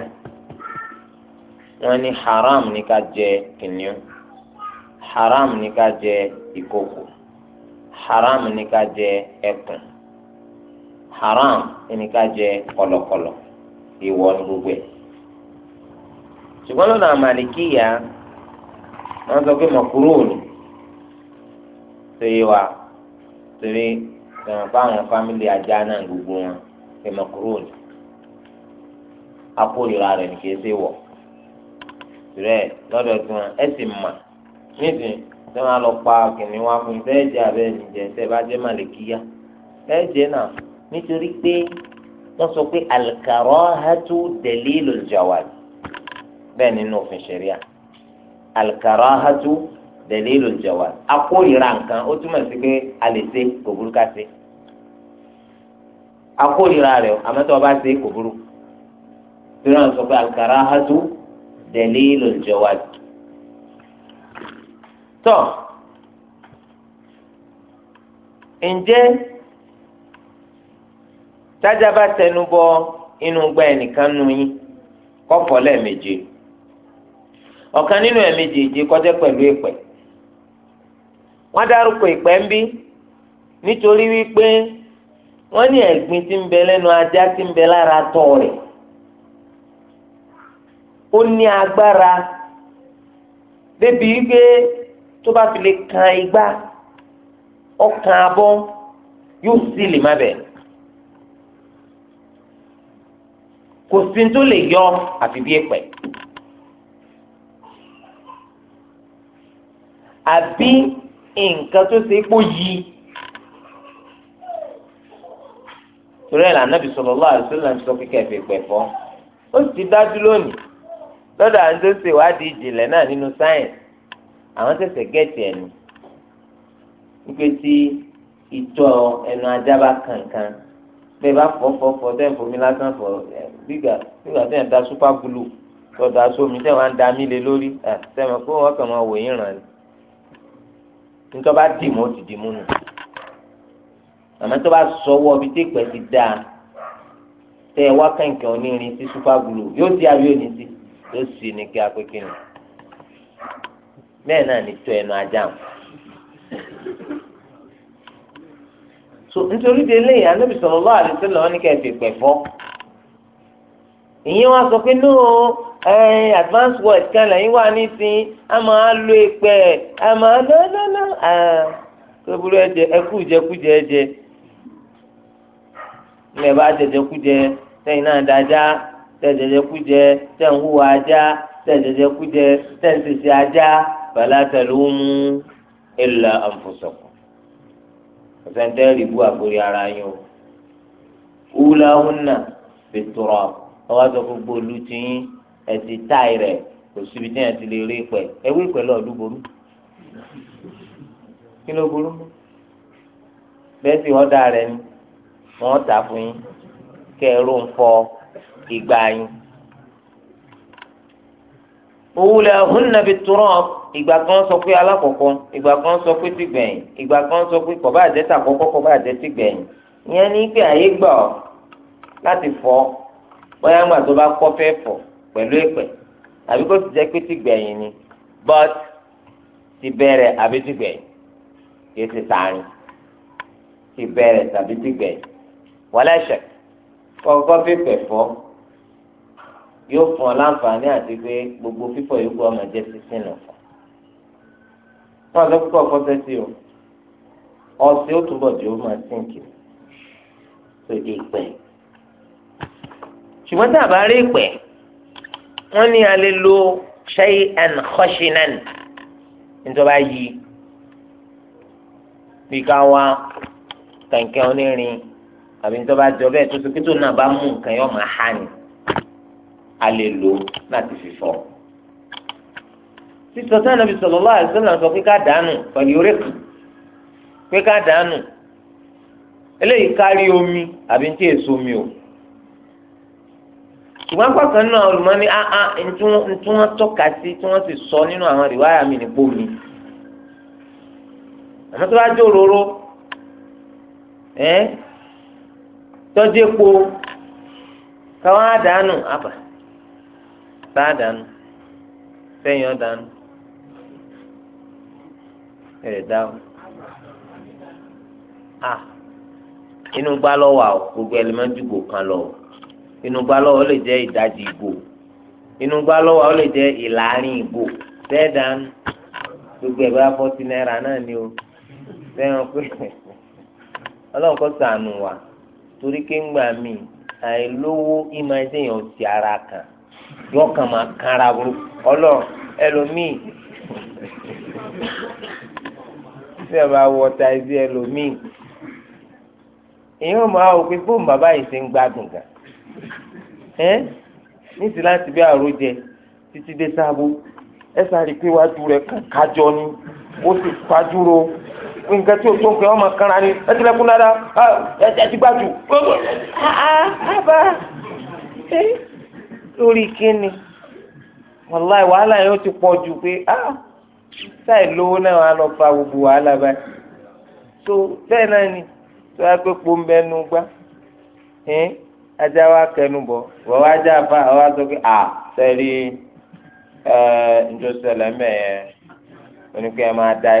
wọ́n ní haram ní ká jẹ kìnìún haram ní ká jẹ ìkòkò haram ní ká jẹ ẹkùn haram ní ká jẹ kọ̀lọ̀kọ̀lọ̀ ìwọ ní gbogbo ẹ̀ ṣùgbọ́n lọ́dọ̀ àmàlìkíyà wọ́n sọ pé mọ̀kúrò ní torí wa torí ẹ̀wọ̀n fáwọn fámìlì ajá náà gbogbo wọn ẹ̀mọ̀kúrò ni akórira rẹ̀ ní kéésì wọ̀ rẹ̀ lọ́dọ̀ tí wọn ẹ sì mà níbi tí wọn lọ pa kìnìún wa fún bẹ́ẹ̀ jẹ́ abẹ́ nìjẹ́ tẹ́ bá jẹ́ màlẹ́kíyá bẹ́ẹ̀ jẹ́ náà nítorí pé wọ́n sọ pé al-karahatu dalilul jawaz bẹ́ẹ̀ nínú òfin ṣẹ̀ríà al-karahatu dẹ̀lílù jẹ̀wà akórira nǹkan ó túmọ̀ sí pé a lè ṣe kò burú ká ṣe akórira rẹ̀ àmọ́ tó o bá ṣe kò burú tí wọ́n sọ pé al-karahatu dẹ̀lílù jẹ̀wà tọ́ ǹjẹ́ tájà bá tẹnu bọ inú gbá ẹnìkan nu yín kọ́fọ́ lẹ́ẹ̀mejì ọ̀kan nínú ẹ̀mejì ìje kọjá pẹ̀lú ìpẹ́ wọ́n dárúkọ ìpẹ́ ń bí nítorí wípé wọ́n ní ẹ̀gbin tí ń bẹ lẹ́nu ajá tí ń bẹ lára tọ̀ rẹ̀ ó ní agbára bébí wípé tó bá fi lè kan igbá ọkàn abọ́ yóò sì lè má bẹ̀. kò sí tó lè yọ àfi bí èpè. àbí nǹkan tó ṣe pò yí torí ẹ̀ lànàbì sallallahu alaihi wasallam sọ kíkẹ́ fi pẹ̀fọ́ ó sì ti dájú lónìí lọ́dọ̀ àwọn tó ṣe ìwádìí ìjìnlẹ̀ náà nínú sáyẹ̀nsì àwọn tẹ̀sẹ̀ gẹ̀ẹ́tì ẹ̀nu wípé tí ìtọ́ ẹnu ajá bá kankan bẹ́ẹ̀ bá fọ́ fọ́ fọ́ tẹ́ fomi lásán fọ́ gbígbà gbígbà tẹ́ ẹ̀ da super glue tọ́ da sómi tẹ́ wọ́n á da mí lé lórí ẹ̀ tẹ́ mọ̀ pé wọ́n kàn máa wòye ràn ni. nítorí bá dì mú ti dì mú nù àmọ́ tó bá sọwọ́ bí tí ìpẹ́ ti dáa tẹ ẹ wá kẹ̀kẹ́ onírin sí super glue yóò di ayé òní sí yóò sì ní kí nù bẹ́ẹ̀ náà ní tó ẹnu ajá so nítorí de lẹ́yìn anábì sallallahu alaihi wasallam ní kẹ́ẹ̀fì ẹ advance word kan lẹ́yìn wà nísìn a máa lo ìpẹ́ a máa nánánà kébúrú ẹ̀jẹ̀ ẹkú jẹkújẹ ẹ̀jẹ̀ ilẹ̀ bá jẹjẹkújẹ sẹ́yìn náà dájá tẹ̀jẹjẹkújẹ tẹ̀ ń hùwà ajá tẹ̀jẹjẹkújẹ tẹ̀ ń ṣèṣe ajá bàlá tẹ̀lé ń mú ìlà ànfọ̀sọ̀kù ọ̀sẹ̀ntẹ́rì bú àgbórí ara yín o wúlò ahùn náà fi tọrọ àwọn àti gbogbo olú ti yín ẹ̀sì táì rẹ̀ kò síbi tí yẹn ti lè rí pẹ̀ ẹwé pẹ̀lú ọ̀dúború kí ló burú bẹ́ẹ̀ sì wọ́n dá rẹ̀ ni wọ́n tà fún yín kẹ́ ẹ ló ń fọ ìgbà yín. òwúlẹ̀ ọ̀hún nàbí turọ́ọ̀ ìgbà kan sọ pé alákọ̀ọ́kọ́ ìgbà kan sọ pé tìgbẹ̀yìn ìgbà kan sọ pé kọ̀bá àjẹta kọ́kọ́ kọ̀bá àjẹtì gbẹ̀yìn ìyẹn ní pé àyè gbà ọ́ láti fọ́ bóyá ńgbà tó bá kọ́ fẹ́ fọ́ pẹ̀lú èpè àbí kó sì jẹ́ pé ti gbẹ̀yìn ni but ti bẹ̀rẹ̀ àbí ti gbẹ̀yìn kìí ti sàárín ti bẹ̀rẹ̀ tàbí ti gbẹ̀yìn wọlé ẹ̀ṣẹ̀ kọ́kọ́ fífẹ̀ fọ́ yóò fún ọ láǹfààní àti pé gbogbo fífọ̀ yòókù ọmọ jẹ́ sísìn nù fún un wọn lọ kọ́ fọ́sẹ́ sí o ọsẹ ó túbọ̀ jù ó máa sínkì tó di ìpẹ́ ṣùgbọ́n tá a bá rí ìpẹ́ wọ́n ní alẹ́ lo shay'an khashinan nítorí bá yí bí ká wá kẹ̀kẹ́ onírin àbí nítorí bá jọ bẹ́ẹ̀ tó so kító náà bá mú nǹkan yọ̀ máa há ni alẹ́ lo láti fi fọ́ sísọ sáà nàbì sallallahu alaihi wasallam sọ pé ká dànù fàyọrẹ kù pé ká dànù eléyìí kárí omi àbí ní èso omi o ṣùgbọ́n pàtàkì náà olùmọ́ni áá ntí wọ́n tọ́ka sí tí wọ́n sì sọ nínú àwọn rìwáyà mi nípò mi àmọ́ tó bá jó òróró tọ́jú epo káwọn àdánù àbà tá àdánù sẹ́yìn ọ̀dánù ẹ̀rẹ̀ dáhùn ah inú gbá lọ́wọ́ gbogbo ẹlẹ́mẹ́ntì gbò kan lọ́wọ́. inú gbálọ́wọ́ ó lè jẹ́ ìdajì ìbò inú gbálọ́wọ́ ó lè jẹ́ ìlàrin ìbò bẹ́ẹ̀ dánú gbogbo ẹ̀ bá fọ́tí náà ni o fẹ́ràn pé ọlọ́run kọ́ sànù wá torí kéńgbà mi àìlówó ìmọ̀ ẹ̀jẹ̀ yẹn ò ti ara kan yóò kàn máa kára ro ọlọ́run ẹlòmíì tí ẹ bá wọ ta ẹbí ẹlòmíì èèyàn máa wò pé bóun bàbá yìí ṣe ń gbádùn gan ẹ́ níṣì láti bí àròjẹ títí dé sáàbù ẹ sáré pé wájú rẹ kájọ ni ó sì fajúro nǹkan tí o tó nǹkan ọmọ kanra ni ẹ ti lẹkùn dáadáa ẹ ti gbájú. àbá lórí kíni wàláì wàhálà yẹn ó ti pọ̀ jù pé sáì lówó náà wàá lọ fa gbogbo wàhálà báyìí. tó bẹ́ẹ̀ náà ni tó yà pé pò ń bẹnu gbá. ajá wa kẹnu bọ̀ wọ́n wá já fa ọ wá à sẹ́rí ẹ ǹjọ́sẹ̀lẹ̀ mẹ́ẹ̀ oníkẹ́ máa dá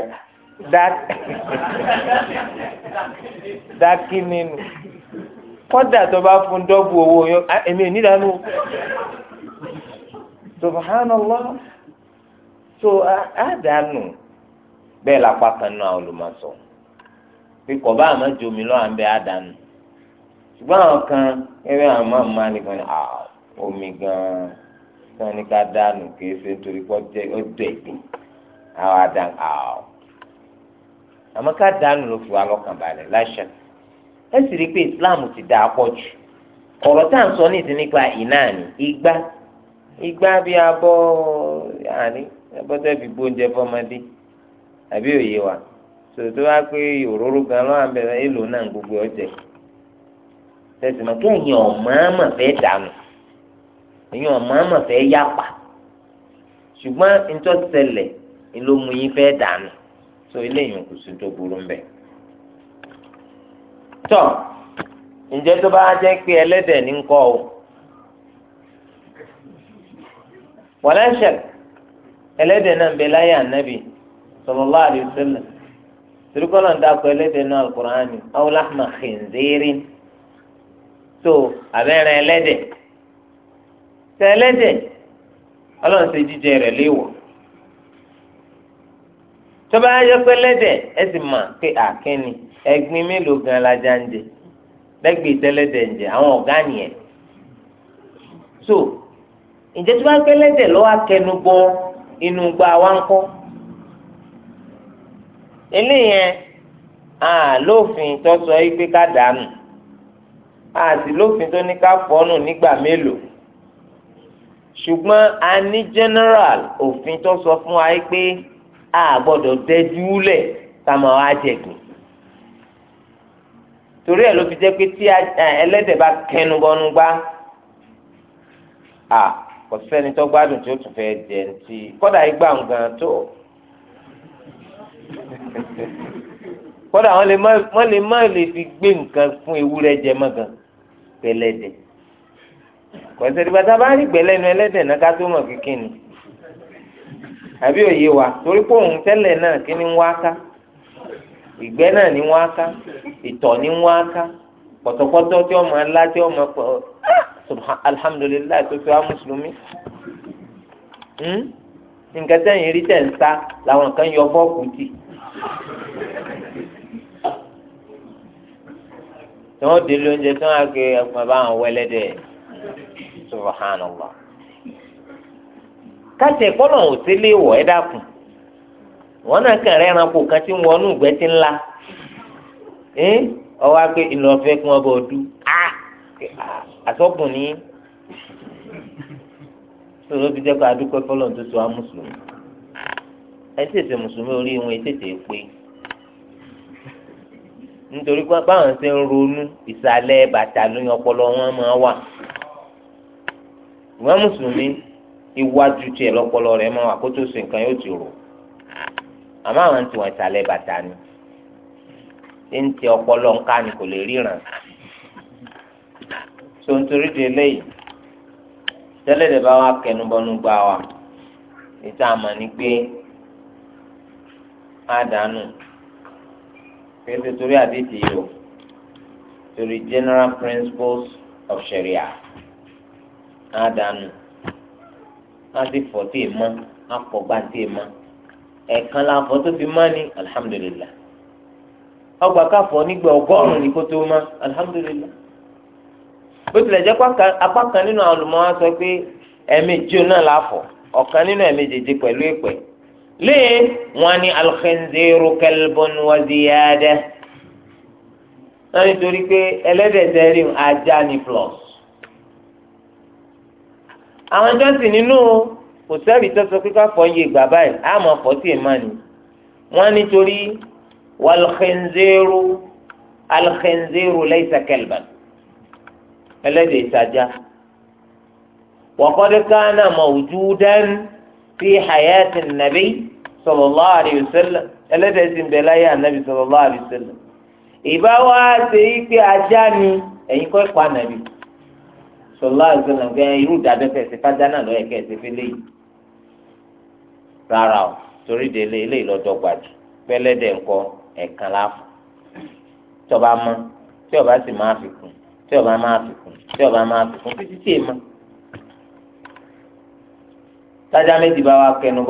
dá kí nínú kọ́dà tó bá fún dọ́gbù owó yọ subhanallah so àdánù bẹ́ẹ̀ lápá kan náà olùmọ̀sọ̀ bí kò bá àmọ́ jomi lọ́wọ́ ṣùgbọ́n àwọn kan ẹgbẹ́ àwọn máa máa ní kan omi gan-an tí ní ká dànù kìí ṣe nítorí pé ó dẹ̀ gbìn àwọn àwọn. àmọ́ Islam ti dà á pọ̀ jù ọ̀rọ̀ tá à ń sọ ní bi nípa iná ni igbá igbá bí abọ́ àní abọ́tẹ́ fi fọmọdé àbí òye wa sòtò wá pé òróró gan lọ́wọ́ àbẹ̀rẹ̀ gbogbo ọ̀jẹ̀ tẹsán kí ẹ̀yin ọmọọmọ fẹ́ dànù ẹ̀yin ọmọọmọ fẹ́ yapa ṣùgbọ́n ntọ́sẹlẹ̀ ló mú yín fẹ́ dànù tó eléyìí kò sí tó burú mbẹ. tọ́ ǹjẹ́ tó bá jẹ́ pé ẹlẹ́dẹ̀ ní kọ́ o wọ́n ṣẹ̀ ẹlẹ́dẹ̀ náà ń bẹ láyé ànábì sallallahu alaihi wasallam ń dákọ̀ ẹlẹ́dẹ̀ náà al-Qur'ani aw lahma khinzirin so abẹ́rẹ́ ẹlẹ́dẹ̀ tẹ ẹlẹ́dẹ̀ ọlọ́run ṣe jíjẹ rẹ̀ léèwọ̀ tọ́ba yẹ pé ẹlẹ́dẹ̀ ẹ sì mà pé àkínni ẹ̀gbin mélòó gan lajá ń jẹ lẹ́gbẹ̀ẹ́ tẹ́lẹ́dẹ̀ ń jẹ àwọn ọ̀gá nìyẹn so ǹjẹ́ tí wọ́n á pé ẹlẹ́dẹ̀ lọ́wọ́ akẹnubọ inú gba wa ń kọ́ eléyẹn àlófin tó sọ yìí pé ká dànù àti lófin tó ní ká fọ́nù nígbà mélòó ṣùgbọ́n a ní general òfin tó sọ fún wa pé a gbọ́dọ̀ dẹ́jú lẹ̀ ká máa wá jẹ̀gbìn torí ẹ̀ ló fi jẹ́ pé tí ẹlẹ́dẹ̀ bá kẹnu bọnú gbá a kò sẹ́ni tó gbádùn tí ó tún fẹ́ jẹ ntí kódà igbá nǹkan tó kódà wọ́n lè má lè fi gbé nǹkan fún ewúrẹ́ jẹ mọ́ gan-an pẹlẹdẹ kọsẹdìgbàtà bá rí gbẹlẹnu ẹlẹdẹ náà ká tó mọ kíkìnì àbí òye wa torí pé òun tẹ́lẹ̀ náà kí ni wọ́n á ká ìgbẹ́ náà ni wọ́n á ká ìtọ̀ ni wọ́n á ká pọ̀tọ̀pọ̀tọ̀ tí ọmọ alá tí ọmọ pọ̀ ah, alhamdulilayi tó fi wá mùsùlùmí hmm? nǹkan tẹ̀yìn rí tẹ̀ ń sá làwọn kan yọ bọ́ọ̀kù tì tí wọ́n délé oúnjẹ tí wọ́n á gbé ẹgbẹ́ bá wọn wẹ́lẹ́dẹ̀ subhanallah. káṣẹ kọ́nà ò sí lé wọ̀ ẹ́ dákun wọn náà kàn rẹ́ ẹranko kan tí wọn nù gbẹ́ ti ńlá ọwọ́ á pé ìlọ́fẹ́ kún ọba ọdún àsọkùn ní sọ̀rọ̀ fi jẹ́ kó adúpẹ́ fọlọ́n tó so á mùsùlùmí ẹ tètè mùsùlùmí orí wọn ẹ tètè pé. nítorí pé báwọn ṣe ń ronú ìsàlẹ̀ bàtà ọpọlọ wọn máa wà ìwà mùsùlùmí iwájú tiẹ̀ lọ́pọlọ rẹ̀ máa wà kó tó ṣe nǹkan yóò ti rò àmọ́ àwọn tiwọn ìsàlẹ̀ bàtà ni ọpọlọ ńká ni kò lè ríran so di eléyìí bá gbá wa ìta àmọ́ ni kéde torí àdéhìí yìí o torí general principles of sharia àdánù láti fọ́ tí ì mọ́ àpọ̀gbá tí ì mọ́ ẹ̀ẹ̀kan láfọ́ tó fi mọ́ ni alihamudulilayi ọgbà káfọ́ nígbà ọgọ́rùn-ún ni kó tó mọ́ alihamudulilayi bó tilẹ̀ jẹ́ apá kan nínú àwọn wa sọ pé lé wọn ni alxenzeeru kalbon waziyada wọn nítorí pé ẹlẹ́dẹ̀ sẹ́rìm ajá ni plus. àwọn jọ́sìn nínú kò sẹ́rì tó sọ pé ká fọ́ iye ìgbà báyìí á mọ̀ fọ́ sí èèmọ̀ ni wọn nítorí walxenzeeru alxenzeeru laysa kalban ẹlẹ́dẹ̀ ìtajà wọ́n kọ́ dé ká náà fi hayati nabi. sallallahu alaihi wasallam ẹlẹ́dẹ̀ ń bẹ láyé ànábì sallallahu alaihi wasallam ìbá wa ṣe pé ajá ni ẹ̀yin kọ́ ẹ̀kọ́ ànábì iru alaihi wasallam gbẹ irú ìdádẹ́fẹ̀ ṣe fájá náà lọ́yẹ̀ kẹ́ ẹ̀ ṣe fẹ́lẹ́ yìí rárá o torí tọba ọba ma méjì bá wa kẹnu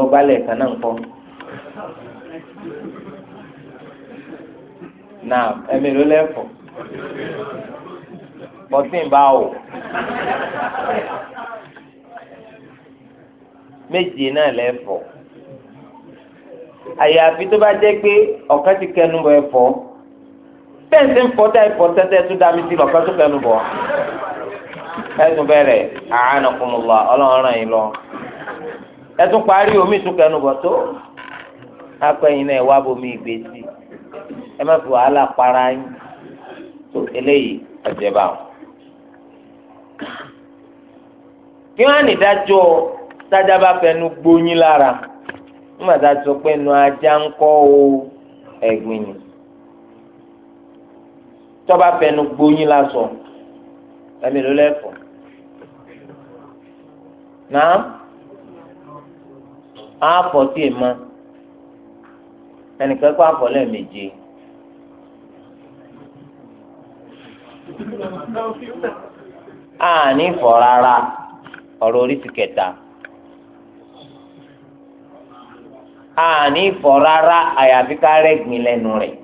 náà ẹ̀mí ló lẹ́fọ̀ fourteen bá wò méje náà lẹ́fọ̀ àyàfi tó bá jẹ́ pé ọ̀kan ti kẹnu bọ̀ ẹ̀fọ́ tẹ̀sí ń fọ́ tá ẹ̀fọ́ tẹ́tẹ́ tó dá mi sí lọ́kàn tó kẹnu bọ̀ ẹ̀sùn bẹ̀rẹ̀ àánà kùmùlà ọlọ́run ràn yín lọ ẹ̀sùn parí omi tó kẹnu bọ̀ tó akọyin náà wá bomi ìgbésí ẹ má fi wàhálà para yín tó eléyìí ọjọba o. kí wọn á ní dájọ tájà bá fẹnu gbóyin lára wọn máa dájọ pé nu ajá ń kọ o ẹ̀gbin ni tọba fẹnu gbóyin lásọ ẹmí ló lẹfọ náà àáfọ tí ì máa. ẹnìkan kó àfọlẹ́ méje. àní fọ rárá ọ̀rọ̀ oríṣi kẹta àní fọ rárá àyàfi ká gbin lẹnu rẹ̀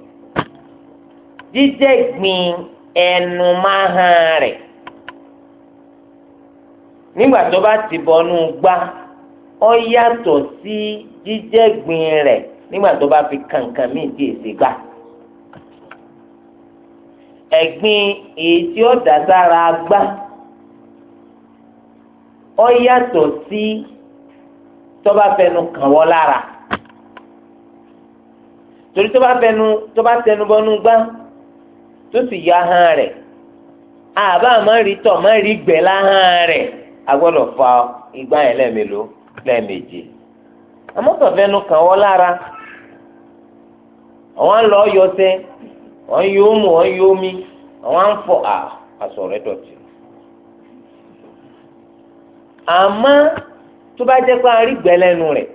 jíjẹ́ gbìn ẹnu máa hàn rẹ̀ nígbà tó bá ti bọnú gbá ọ yàtọ̀ sí jíjẹ́ rẹ̀ nígbà tó bá fi kàǹkàn míì tí èsì gbà ẹ̀gbin èyí tí ó dà sára gbá ó yàtọ̀ sí tó bá fẹnu kàn wọ́ lára torí tó bá fẹnu tó bá tẹnu bọ́nú gbá tó sì ya hàn rẹ̀ àbá má tọ̀ má gbẹ̀ láhàn rẹ̀ a gbọ́dọ̀ fa igbá yẹn lẹ́ẹ̀mélòó lẹ́ẹ̀mejì àmọ́ tó kàn wọ́ lára àwọn ń lọ ọyọ sẹ wọn yóò mú wọn yóò mí àwọn ń fọ à aṣọ rẹ dọ̀tí. àmọ́ tó bá jẹ́ pé a rí gbẹ́ lẹ́nu rẹ̀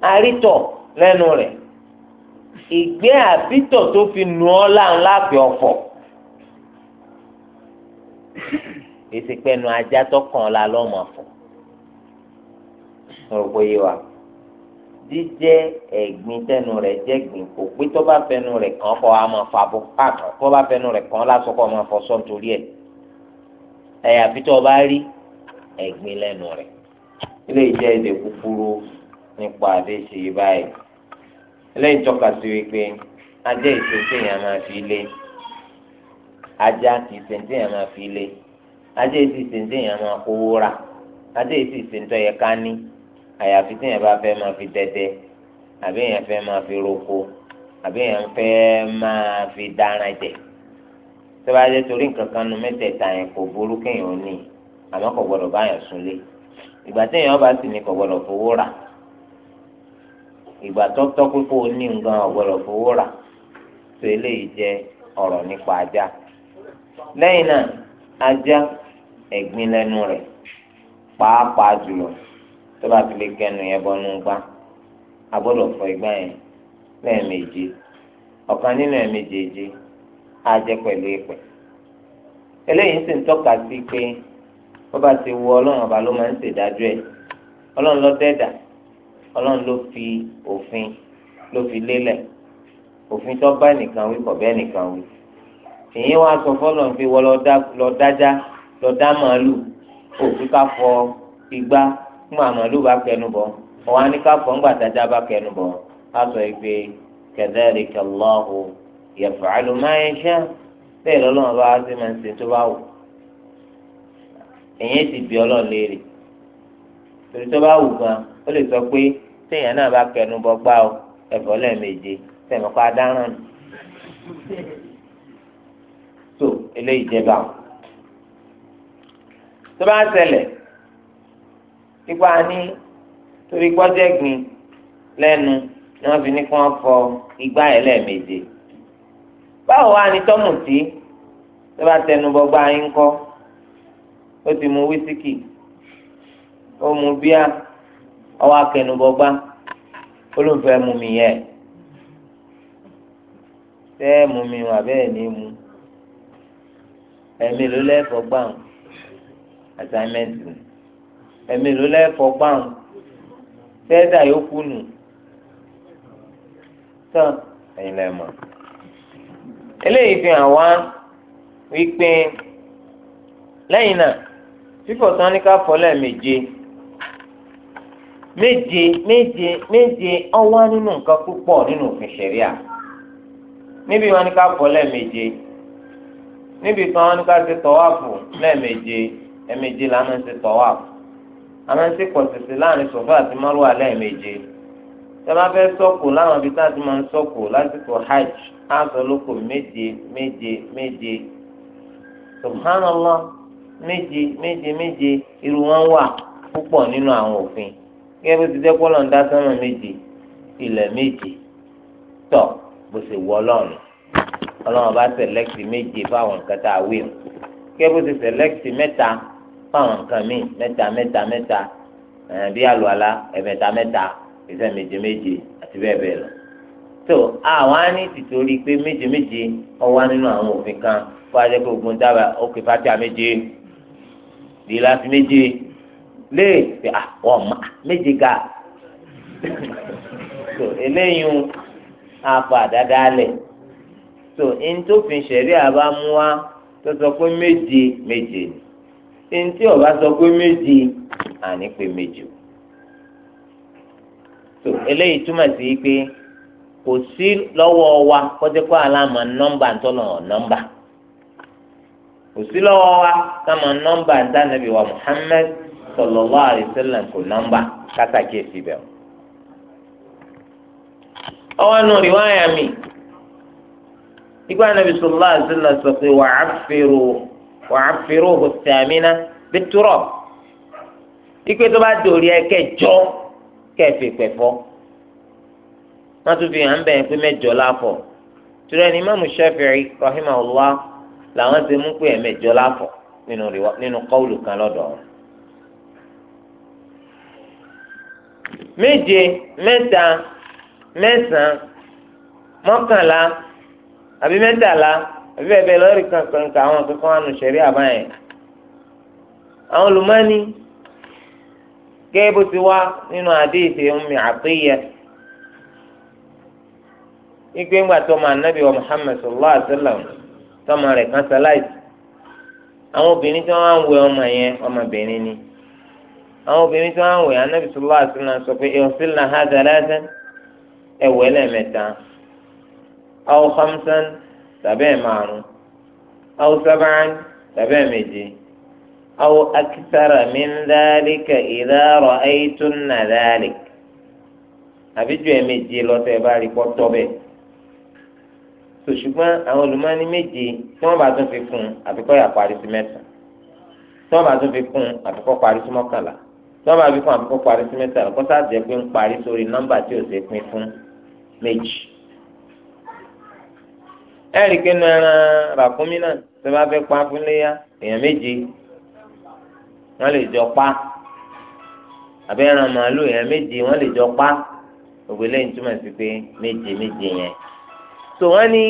a rí tọ̀ lẹ́nu rẹ̀ ìgbẹ́ àbítọ̀ tó fi nù ọ́ láàrín láàfin ọ̀fọ̀ èsì pẹ́ẹ́nu ajá tó kàn án la lọ́mọ àfọ̀. mo rò pé yé wa jíjẹ ẹ̀gbin tẹnu rẹ̀ jẹ́ gbìn kò pé tó bá fẹnu rẹ̀ kàn kọ́ a máa fa bọ́ pàtó tó bá fẹnu rẹ̀ kàn lásán kọ́ máa fọ sọ́n torí ẹ̀ ẹ̀yà fi tó bá rí ẹ̀gbin lẹ́nu rẹ̀ ilé ìjẹ́ èdè kúkúrú nípa àdéṣe báyìí ilé ìtọ́ka sí wípé ajá ìṣesí yẹn máa fi lé ajá ìṣesí yẹn máa fi lé ajá ìṣesí yẹn máa kówó rà ajá ìṣesí yẹn tó yẹ ká ní àyàfi tí yẹn bá fẹ́ máa fi dẹdẹ àbí yẹn fẹ́ máa fi roko àbí yẹn fẹ́ máa fi dáran jẹ tó bá dé torí nǹkan kan nu mẹ́tẹ̀ẹ̀ta yẹn kò burú kéèyàn ní àmọ́ kò gbọdọ̀ bá yẹn súnlé ìgbà téèyàn bá sì ní kò gbọdọ̀ fowó rà ìgbà tó tọ́ pé nǹkan ò fowó rà tó eléyìí jẹ́ ọ̀rọ̀ nípa ajá lẹ́yìn náà ajá ẹ̀gbin lẹ́nu rẹ̀ pàápàá jùlọ tó bá fi lè kẹnu yẹn bọnú gbá a gbọ́dọ̀ fọ igbá yẹn lẹ́ẹ̀mejì ọ̀kan nínú ẹ̀ẹ̀mejèèjì á jẹ́ pẹ̀lú ìpẹ́ eléyìí sì ń tọ́ka sí pé wọ́n bá ti wo ọlọ́run ọba ló máa ń ṣèdájọ́ ẹ̀ ọlọ́run ló dẹ́dà ọlọ́run ló fi òfin ló fi lélẹ̀ òfin tó bá nìkan wí kọ̀ bẹ́ẹ̀ nìkan wí èyí wá sọ fọlọ́n pé wọ́n lọ dájá lọ dá màálù òfin ká fọ igbá fún àmàlú bá kẹnu bọ̀ ọ̀wá ní ká fọ́ ńgbà dájá bá kẹnu bọ̀ á sọ pé kadhalika Allahu yaf'alu ma yasha bẹ́ẹ̀ lọ́lọ́run bá ṣe máa ń ṣe tó bá wù èyàn ti bí ọlọ́run léèrè torí tó bá wù gan ó lè sọ pé téèyàn náà bá kẹnu bọ gbá o ẹ̀fọ́ lẹ́ẹ̀méje tẹ̀mọ́ pa dáràn nù tó eléyìí jẹba o tó bá ń ṣẹlẹ̀ ipa ní torí gbọ́dẹ̀gbìn lẹ́nu ni wọ́n fi ní kí wọ́n fọ igbá yẹn lẹ́ẹ̀méje báwo wá ní tọ́mùtí tó bá tẹnu bọgbá yín kọ́ ó ti mu wísíkì ó mu bíà ọwọ́ akẹnubọgbá olùfẹ́ mu mi yẹ tẹ́ mu mi wà bẹ́ẹ̀ ní mu ẹ̀mí ló lẹ́fọ̀ọ́ gbà assignment mi ẹ̀mí ló lẹ́fọ̀ gbáhùn fẹ́ẹ́dà yóò kú nù tán ẹ̀yin lẹ́ mọ̀. eléyìí fi hàn wá wípé lẹ́yìn náà fífọ̀ tán ní ká fọ̀ lẹ́ẹ̀méje méje méje méje ọwọ́ nínú nǹkan púpọ̀ nínú òfin ṣẹ̀ríà níbi wọn ní ká fọ̀ lẹ́ẹ̀méje níbi kan wọn ní ká ṣe tọ́wáàfù lẹ́ẹ̀méje ẹ̀méje làwọn ṣe tọ́wáàfù àmọ́ ń sèkọ̀ sèse láàrin sọ̀fà àti márùwà lẹ́ẹ̀méje tẹ́lá fẹ́ sọ́kù láwọn ibi tá a ti máa ń sọ́kù lásìkò hajj á méje méje méje subhanallah méje méje méje irú wọn wà púpọ̀ nínú àwọn òfin gẹ́gẹ́ bó ti jẹ́ pọ́lọ́ ń dá sánmà méje ilẹ̀ méje tọ̀ bó ṣe wọ ọlọ́run ọlọ́run bá sẹ̀lẹ́kìtì méje fáwọn nǹkan tá a wí o gẹ́gẹ́ bó ti sẹ̀lẹ́kìtì mẹ́ta fáwọn nǹkan míì mẹ́ta mẹ́ta mẹ́ta bí àlùwàlá ẹ̀mẹ́ta mẹ́ta ìfẹ́ méje méje àti bẹ́ẹ̀ bẹ́ẹ̀ lọ. tó àwọn á ní tìtorí pé méje méje ọwọ́ nínú àwọn òfin kan fún ajẹ́ pé ogun dábàá òkè fàtíà méje ìlàsì méje lè pé àwọn ọmọ méje ga tó eléyìí àfa àdáda lẹ̀ tó ntòfin ṣẹ̀rí àbámu wa tó sọ pé méje méje ni. e ọba sọ pé méjì àní pé méjì o tó eléyìí túmọ̀ sí pé kò sí lọ́wọ́ wa kọ́tẹ́kọ́ aláàmà nọ́mbà ntọ́nà nọ́mbà kò sí lọ́wọ́ wa kàmá nọ́mbà ntánàbí wa Muhammad sallallahu alaihi kò nọ́mbà kátàkì èsì bẹ́ẹ̀ ọwọ́ nù rìwáyà mi ìgbà nàbí sallallahu alaihi sọ pé wàá wa'affiruhu thamina bit-turab ikpe tó bá dòrí ẹ kẹjọ kẹfì pẹfọ wọn tún fi hàn bẹ́ẹ̀ pé mẹ́jọ láfọ̀ tura ni imaamu shafi'i rahimahullah làwọn ti mú pé ẹ mẹ́jọ láfọ̀ nínú kọ́ọ̀lù kan lọ́dọ̀ méje mẹ́ta mẹ́sàn-án àbí mẹ́tàlá àbí ẹ̀bẹ̀ lọ́rì kankan ka àwọn kankan wà nù sẹ̀rí àbáyẹn àwọn olùmọ́ni gẹ́gẹ́ ti wá nínú àdéhìí Ummi Atiyya igbe ńgbà tó ma nabi wa Muhammad sallallahu alaihi wa sallam tọmọ rẹ̀ kan sáláìsì àwọn obìnrin tí wọ́n wẹ ọmọ yẹn ọmọbìnrin ni àwọn obìnrin tí wọ́n wẹ anabi sallallahu alaihi wa sallam sọ pé ìhùsìn náà ha dáadáa ẹwẹ lẹ́ẹ̀mẹ́ta aw khamsan tàbí ẹ̀ márùn aw sábàán tàbí ẹ̀ méje aw akitara min dhalika idha ra'aytunna dhalik àbí ju ẹ̀ méje lọ́tọ̀ ẹ̀ bá rí kọ́ tọ́ bẹ́ẹ̀ so ṣùgbọ́n àwọn olùmọ́ni méje tí wọ́n bá tún fi kún àfikọ́ yà parí sí mẹ́sàn tí wọ́n bá tún fi kún àfikọ́ parí sí mọ́kànlá tí wọ́n bá fi kún àfikọ́ parí sí mẹ́sàn kọ́sá jẹ́ pé ń parí sórí nọ́mbà tí ò ṣe pín fún méjì. ẹ̀rí kínú ẹran ràkúnmí náà tó fẹ́ pa fúnléyà èèyàn méje wọ́n lè jọ pa àbẹ́ ẹran màálù èèyàn méje wọ́n lè jọ pa òwe lẹ́yìn túmọ̀ sí pé méje méje yẹn. tó wọ́n ní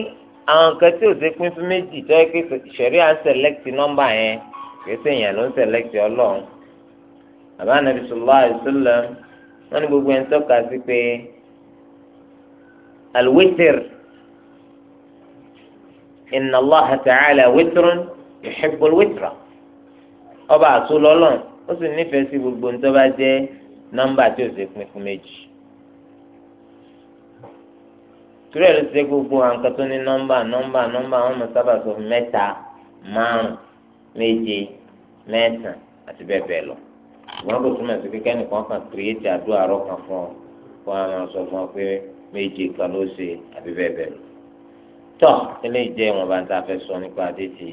àwọn o tí ò ṣe pín fún méjì tó yẹ pé ìṣẹ̀rí à ń sẹ̀lẹ́kìtì nọ́mbà yẹn kì í ṣe èèyàn ló ń sẹ̀lẹ́kìtì ọlọ́run àbá inna Allaha ta'ala witrun yuhibbul witra ọba àtú lọ́lọ́n ó sì nífẹ̀ẹ́ sí gbogbo ní tó bá jẹ́ nọ́mbà tí ó ṣe pín fún méjì torí ẹ̀ ló ti ṣe gbogbo àǹkan tó ní nọ́mbà nọ́mbà nọ́mbà àwọn ọmọ sábà sọ mẹ́ta márùn méje mẹ́sàn àti bẹ́ẹ̀ bẹ́ẹ̀ lọ ṣùgbọ́n kò túmọ̀ sí kíkẹ́ nìkan kan kìrìyètì àdúrà rọ̀ kan fún ọ fún àwọn ọ̀sọ̀ fún ọ pé méje kan ló ṣe àbí bẹ́ẹ̀ bẹ́ẹ̀ lọ tọ́ eléyìí jẹ́ ìwọ̀nba tá a fẹ́ sọ nípa àdéjì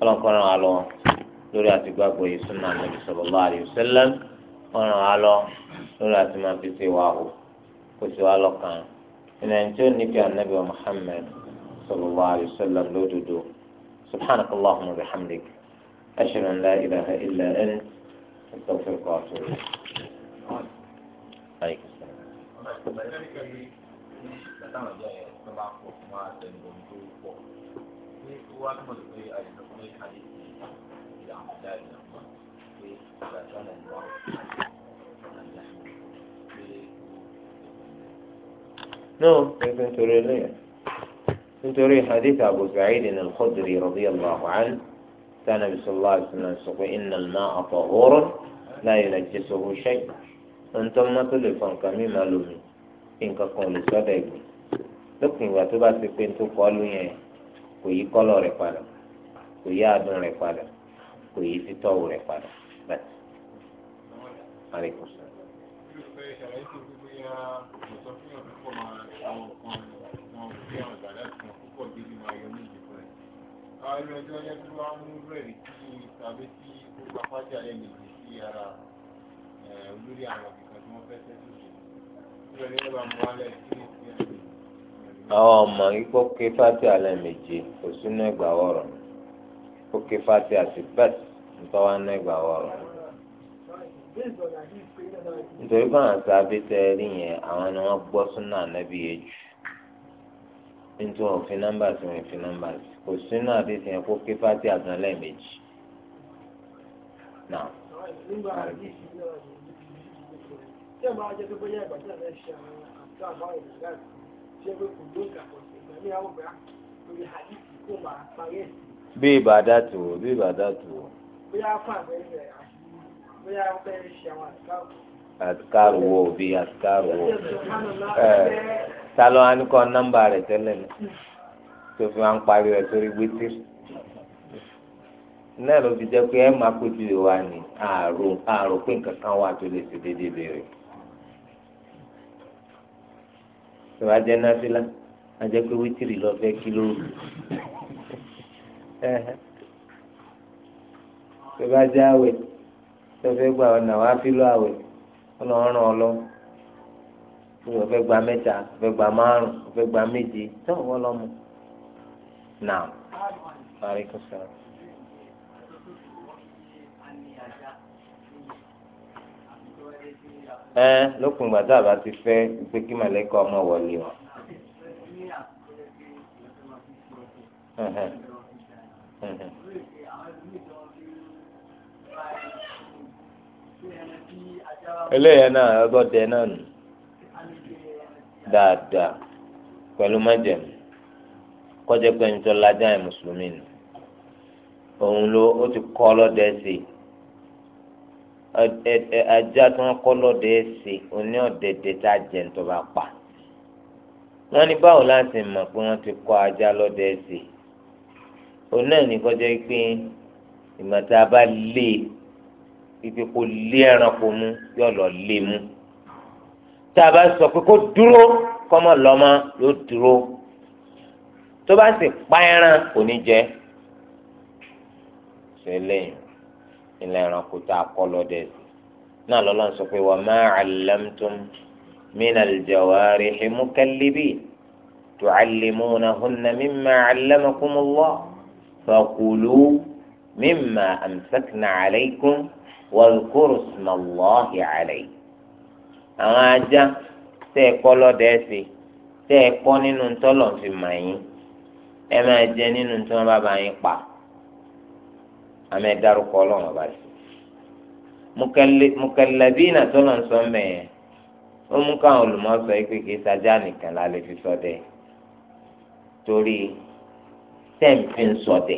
ọlọ́kọ́ràn á lọ lórí àti gbàgbọ́ yìí súnà nàbì sallallahu alaihi wasallam ọ̀ràn á lọ lórí àti máa fi ṣe wà hù kó sì wà lọ́kàn ìnà ìjọ níbi ànábì Muhammad sallallahu alaihi wasallam lódodo subhanaka allahumma wa bihamdik ashhadu an la ilaha illa ant astaghfiruka wa atubu ilayk. نعم ابن تريلية ابن تريل حديث أبو سعيد الخدري رضي الله عنه كان نبي صلى الله عليه وسلم إن الماء طهور لا ينجسه شيء أنتم ما تلفن كمي مالومي إنك قولي صدقين lópin ìgbà tó bá ti pé tó kọ́ ló yẹn kò yí kọ́lọ̀ rẹ̀ padà kò yí àádùn rẹ̀ padà kò yí títọ́wò rẹ̀ padà bẹ́ẹ̀. Àwọn àwọn ọmọ ikọ́ ké fati alẹ́ méje kò sínú ẹgbà wọ̀rọ̀ ó ké fati àti bẹ́ẹ̀ nítorí wọn ná ẹgbà wọ̀rọ̀ nítorí báwọn sábẹ́ tẹ ẹ rí yẹn àwọn ni wọ́n gbọ́ súnà ànábì yẹn jù nítorí sí sí kò sínú àdéhùn náà. máa jẹ́ pé bóyá ìgbà tí a fẹ́ ṣe àwọn àti àbáyé jẹ́ pé kò tu. ìgbàgbọ́ sí ìgbà ní àwọn ìgbà lórí àdìsí kó máa parí ẹ̀sìn. bí ìbàdà tó bí ìbàdà tó. bóyá fún àgbẹ̀rẹ̀ rẹ̀ àti bóyá fẹ́ ṣe àwọn àtìkáwò. àtìkáwò wo bí àtìkáwò ẹ ta ló wá ní kọ́ nọ́mbà rẹ̀ tẹ́lẹ̀ ní tó fi wá ń parí rẹ̀ sórí wítìrì náà ló fi jẹ́ pé ẹ máa pèjú ìwà ni àrò àrò pé nǹkan kan wà tó lè ṣe déédéé béèrè. ìwà jẹ náfìlà ajẹ pé wítìrì lọ fẹ kí ló ìwà jẹ àwẹ̀ tó fẹ gba ọ̀nà wá fílò àwẹ̀ ọlọ́run ọlọ́ ìwọ fẹ gba mẹ́ta fẹ gba márùn fẹ gba méje tó wọ́n lọ́mọ náà. Alaikum salaam. ẹ lópin ìgbà tá a bá ti fẹ́ pé kí màlẹ́kà ọmọ wọlé wọn. eléyìí náà ọgọ́dẹ náà nù dáadáa pẹ̀lú májẹ̀mú kọjá pé ẹni tó lajá mùsùlùmí nù òun ló ó ti kọ́ ajá tí wọ́n kọ́ lọ́dẹ ẹsẹ oní ọ̀dẹ̀dẹ̀ tá a jẹ nítorí wọ́n pa wọ́n ní báwo láti mọ̀ pé wọ́n ti kọ́ ajá lọ́dẹ ẹsẹ òun náà ní kọjá pé ìmọ̀ta bá lé ibi kò lé ẹranko mú yóò lọ lé mú tá a bá sọ pé kó dúró kọ́mọ lọ́mọ yóò dúró tó bá sì pa ẹran kò ní jẹ ṣẹlẹ́yìn ilẹ̀ ẹranko tá a kọ́ lọ dẹ̀ sí náà lọ́lọ́run sọ pé wa ma allamtum minal jawarihi mukallibin tu'allimunahunna mimma allamakumullah fakulu mimma amsakna alaykum wadhkuru ismallahi alayhi. àwọn ajá tẹ́ ẹ kọ́ lọ sí tẹ́ ẹ kọ́ nínú ntọ́lọ̀ fi mọ̀ yín ẹ máa jẹ nínú tí wọ́n yín pa àmì ẹ̀dárúkọ ọlọ́run ọba yìí mùkàlàbínà tó lọ sọ mẹ́ẹ̀ ó mú káwọn olùmọ̀ọ́sọ yìí pé kì í sajá nìkan la lè fi ṣọdẹ torí tẹ́ǹpì ń ṣọdẹ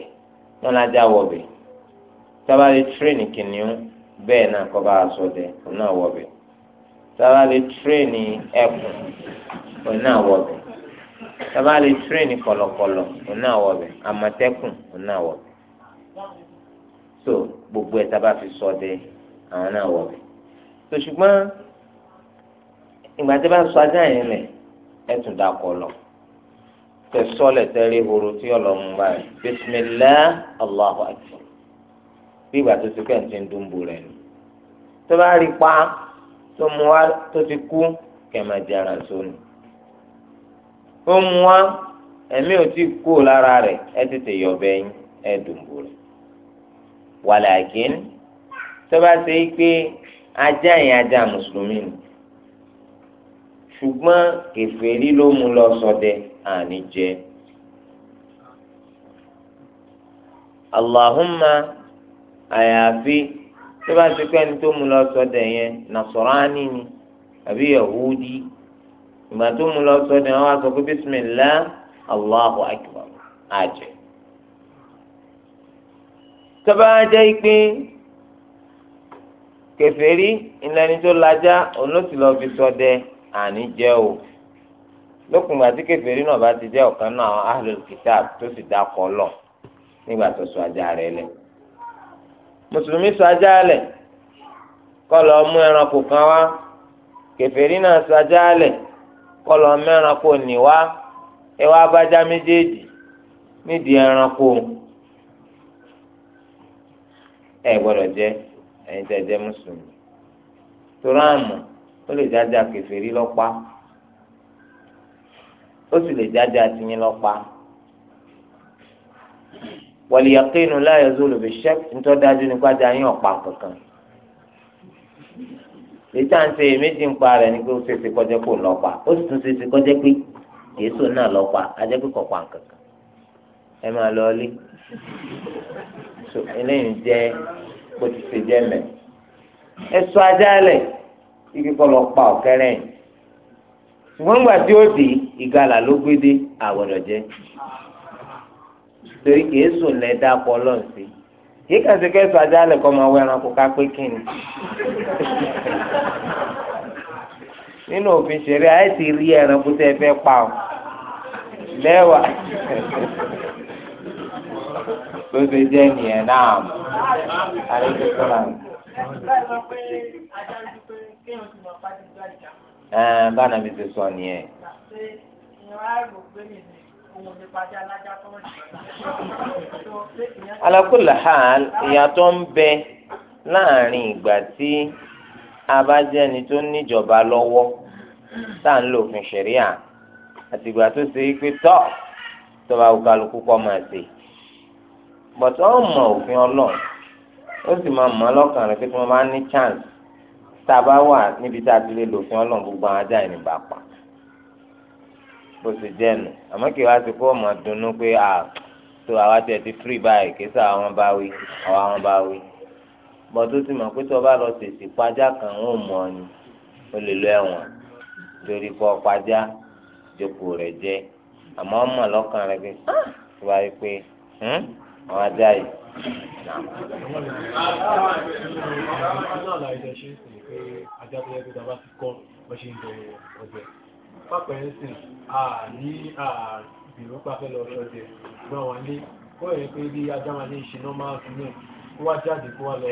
wọn lájà wọ̀bẹ̀ tábàlì tírèènì kìnìún bẹ́ẹ̀ náà kọ́ bá a náà wọ̀bẹ̀ tábàlì tírèènì ẹkùn òun náà wọ̀bẹ̀ tábàlì tírèènì kọ̀lọ̀kọ̀lọ̀ òun náà wọ̀bẹ̀ àmọ̀tẹ́kùn òun náà wọ̀bẹ̀ so gbogbo ẹ̀ tá a bá fi sọ de àwọn náà wọ̀ bẹ̀ so ṣùgbọ́n ìgbà tí a bá sọ ajá yẹn lẹ̀ ẹ̀ tún dà kọ lọ tẹ sọlẹ tẹrí horo tí ọlọmọ báyìí bisimilá Allahu akbar bí ìgbà tó ti pẹ́ ń ti ń dúnbò rẹ̀ ni tó bá rí pa tó mu wá tó ti kú kẹmẹ di ara sóni ó mu wá ẹ̀mí ò tí kú lára rẹ̀ ẹ tètè yọ bẹ́yìn ẹ dùnbò rẹ̀. wàlàkín tọ́ba ṣe é pé ajá yẹn ajá mùsùlùmí ni ṣùgbọ́n kèfèrí ló mú lọ ṣọdẹ àní jẹ. Allahumma ayafi tó bá ti pẹ́ni tó mú lọ ṣọdẹ yẹn nasọ̀rání ni àbí yahudi ìgbà tó mú lọ ṣọdẹ wọn wá sọ pé bismillah Allahu àjẹ. tọ́ba jẹ́ pé kèfèrí ìlànà tó lajá olóòtú lọ fi àní jẹ́ o tí kèfèrí náà bá ti jẹ́ ọ̀kan náà àwọn ahlul tó sì dákọ̀ lọ nígbà tó sọ ajá rẹ̀ lẹ̀ mùsùlùmí sọ ajá lọ mú ẹranko kan wá náà sọ ajá kọ́ lọ mú ẹ gbọ́dọ̀ jẹ ẹ̀yin tẹ jẹ́ mùsùlùmí torí ó lè jájà kèfèrí lọ́pa ó sì lè jájà tìyín lọ́pa wàlìyàkéyìn la yazulu bishak ńtọ́ dájú nípa jáyín ọ̀pá kankan ètò méjì ń pa rẹ̀ ní pé ó ṣèṣe kọjá kó ẹ máa lọ ilé so eléyìí jẹ́ bó ti ṣe jẹ́ mẹ́ ẹ sọ ajá lẹ̀ kíkí kọ́ lọ pa ọ̀kẹ́rẹ́ yìí ṣùgbọ́n nígbà tí ó di ìgalà ló gbé dé àwọ̀dọ̀ jẹ́ torí kìí sùn lẹ́ dá pọ̀ lọ́n sí yìí kàn sí kẹ́ sọ ajá lẹ̀ kọ́ máa wọ ẹranko ká pé kí ni nínú òfin ṣẹ̀rí ayé rí ẹranko tẹ́ fẹ́ pa ọ lẹ́wà bó ṣe jẹ́ nìyẹn náà àlejò sọ́la. báwọn mi ti sọ nìyẹn. ala kulli hal ìyàtọ̀ ń bẹ láàrin ìgbà tí a bá jẹ́ ẹni tó níjọba lọ́wọ́ tá à ń lò ṣẹ̀ríà àtìgbà tó ṣe é pé tọ́ tọ́ba òkàlùkù kọ́ máa ṣe bọ̀tọ̀ ọ̀ mọ̀ òfin ọlọ́run ó sì máa mọ̀ ọlọ́kàn rẹ̀ pé tí wọ́n bá ní chance tá a bá wà níbi tá a ti lè lò òfin ọlọ́run gbogbo àwọn ajá ìní bá pa bó ṣe jẹ́ nù àmọ́ kí wàá ti kó ọmọ dunnú pé à tó àwa tiẹ̀ ti firi báyìí kí sọ àwọn bá wí àwa wọn bá wí bọ́tú ti mọ̀ pé tí wọ́n bá lọ tètè pàjá kan ń mọ̀ ọ́ ni ó lè lọ ẹ̀wọ̀n torí kọ́ pàjá jókòó rẹ̀ jẹ́ àmọ́ ọmọ ọlọ́kàn rẹ̀ pé ah! tó pé hmm? àwọn ajá yìí. Pápá ẹ̀ ń sìn, a ní àbìrú pàfẹ́ lọ ṣọ́jẹ̀, ṣùgbọ́n wà ní kọ́ ẹ̀ pé bí ajáma ní ṣe náà máa fi náà, ó wá jáde kó wá lọ,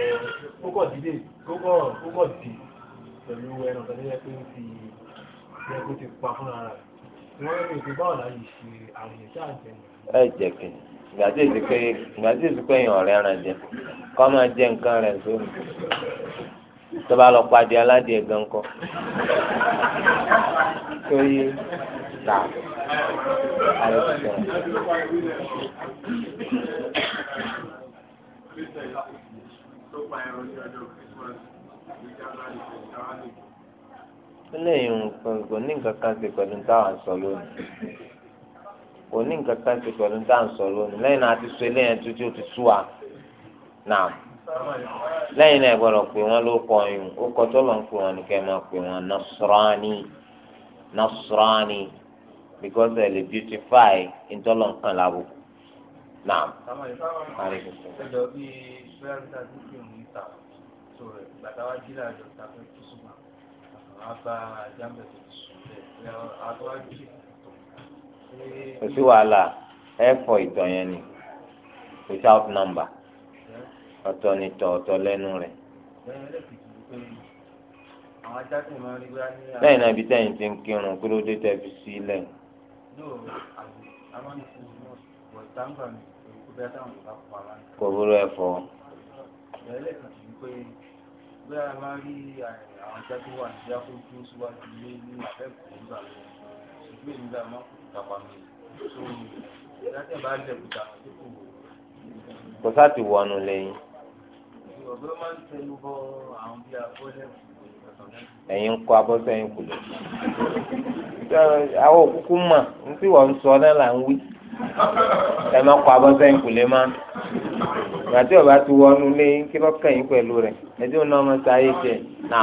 ó kọ̀ dídé, ó kọ̀ dì pẹ̀lú ẹran tàbí ẹ pé ó ti yẹ kó ti pa fúnra rẹ̀. Wọ́n rí ìpínpá ọ̀la yìí ṣe àrùn ìṣáàjẹ́. Ẹ jẹ́ kìnnì. ìgbà tí èsì pé ìgbà tí ọ̀rẹ́ ara jẹ kọ́ máa jẹ nǹkan rẹ̀ sórí lọ padì aládìẹ gan kọ́ torí tà ayọ̀ tó tẹ̀. eléyìí nǹkan kò ní nǹkan kan ṣe kò ní nǹkan kan ṣe pẹ̀lú tá à ń lẹ́yìn náà ti sọ eléyẹn tó tí ó ti sú wa náà lẹ́yìn náà gbọ́dọ̀ pé wọ́n ló kọ ọyún ó kọ tó lọ́n pé wọ́n ní máa wọ́n nasrani nasrani because beautify ntọ́lọ́nkan lábò náà. ẹ̀dọ̀ bíi bẹ́ẹ̀ ń ta sí fíìmù níta tó rẹ̀ bàtà wá jí láàjọ ta fẹ́ tó súnmọ́ tó sùn bẹ́ẹ̀ kò sí wàhálà ẹ fọ ìtọ̀ yẹn ni without number ọ̀tọ̀ ni tọ̀ ọ̀tọ̀ lẹ́nu rẹ̀. lẹ́yìn náà ibi tẹ́yìn ti ń kírun kí ló dé tẹ́ fi sí lẹ́yìn. kò burú ẹ fọ bóyá máa rí àwọn ajá ní ìyá kó dúró síwájú ilé ní àbẹ́kùn nígbà wọn ṣùgbọ́n èmi máa kó kò sáà ti wọnú lẹ́yìn ẹ̀yin ń kọ́ abọ́sẹ̀yìn kù lọ. àwọn òkúkú mà ń tí wọ́n ń sọ náà là ń wí. ẹ má kọ́ abọ́sẹ̀yìn kù lé má. ìgbà tí ọba ti wọnú lé kí lọ́kàn yín pẹ̀lú rẹ̀ ẹjọ́ náà mọ̀ sáyé jẹ náà.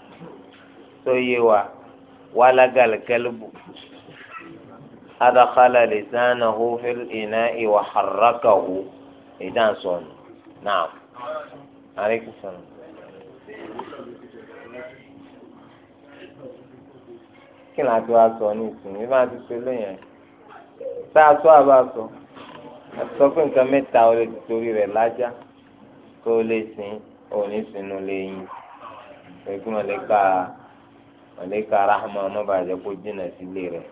tó yé wa walagal kalbu adakhala lisanahu fil ina'i wa harrakahu ìdáhùn sọ̀nù náà àríkù sọ̀nù. kí ni àti wa sọ ní ìsìn yìí máa ti ṣe lóyìn tá a sọ àbá sọ a sọ pé nǹkan mẹ́ta o lè ti torí rẹ̀ lájá kó o lè sìn òní sínú lè yín ẹ̀gbọ́n lè gbà á àlékà rahma ọmọ bàjẹ́ kó jìnnà sílé rẹ̀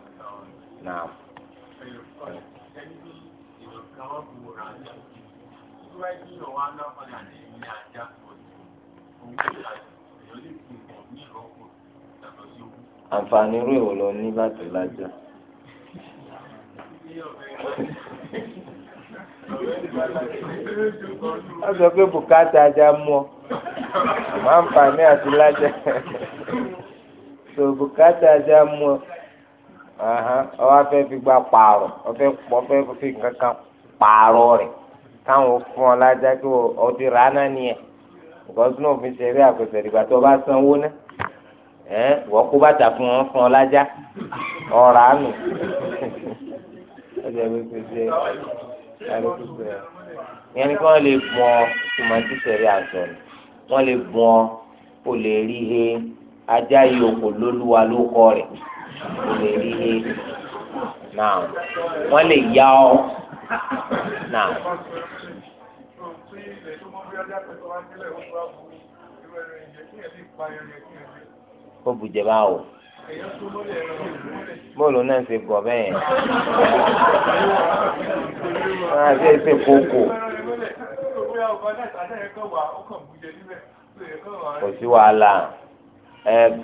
náà. àǹfààní irú èwo ló ní láti lájà. wọ́n sọ pé bùkátà ajá mú ọ àmọ́ àǹfààní àti lájà so bùkátà ṣe á mú ọ wá fẹ́ fi gba pààrọ̀ ọfẹ́ ọfẹ́ fi kankan pààrọ̀ rẹ̀ káwọn fún ọ lájà kí ọtí rà á náà nìyẹn gọ́sùn náà fi ṣeré àpèsè ìgbà tó bá sanwó ná ẹ wọ́n kó bàtà fún wọn fún ọ lájà ọ̀rọ̀ àánú ọjà ló ti ni kí wọ́n lè bùn ọ tòmátì ṣẹ̀rí àjọ ni wọ́n lè bùn ọ rí he ajá yòókù lólúwa ló kọ rẹ̀ kò lè rí he náà wọ́n lè yá ọ náà. ó bùjẹ́ báwo bóòlù náà ṣe gọ̀ bẹ́ẹ̀ wọ́n á ṣe ṣe kókò kò sí wàhálà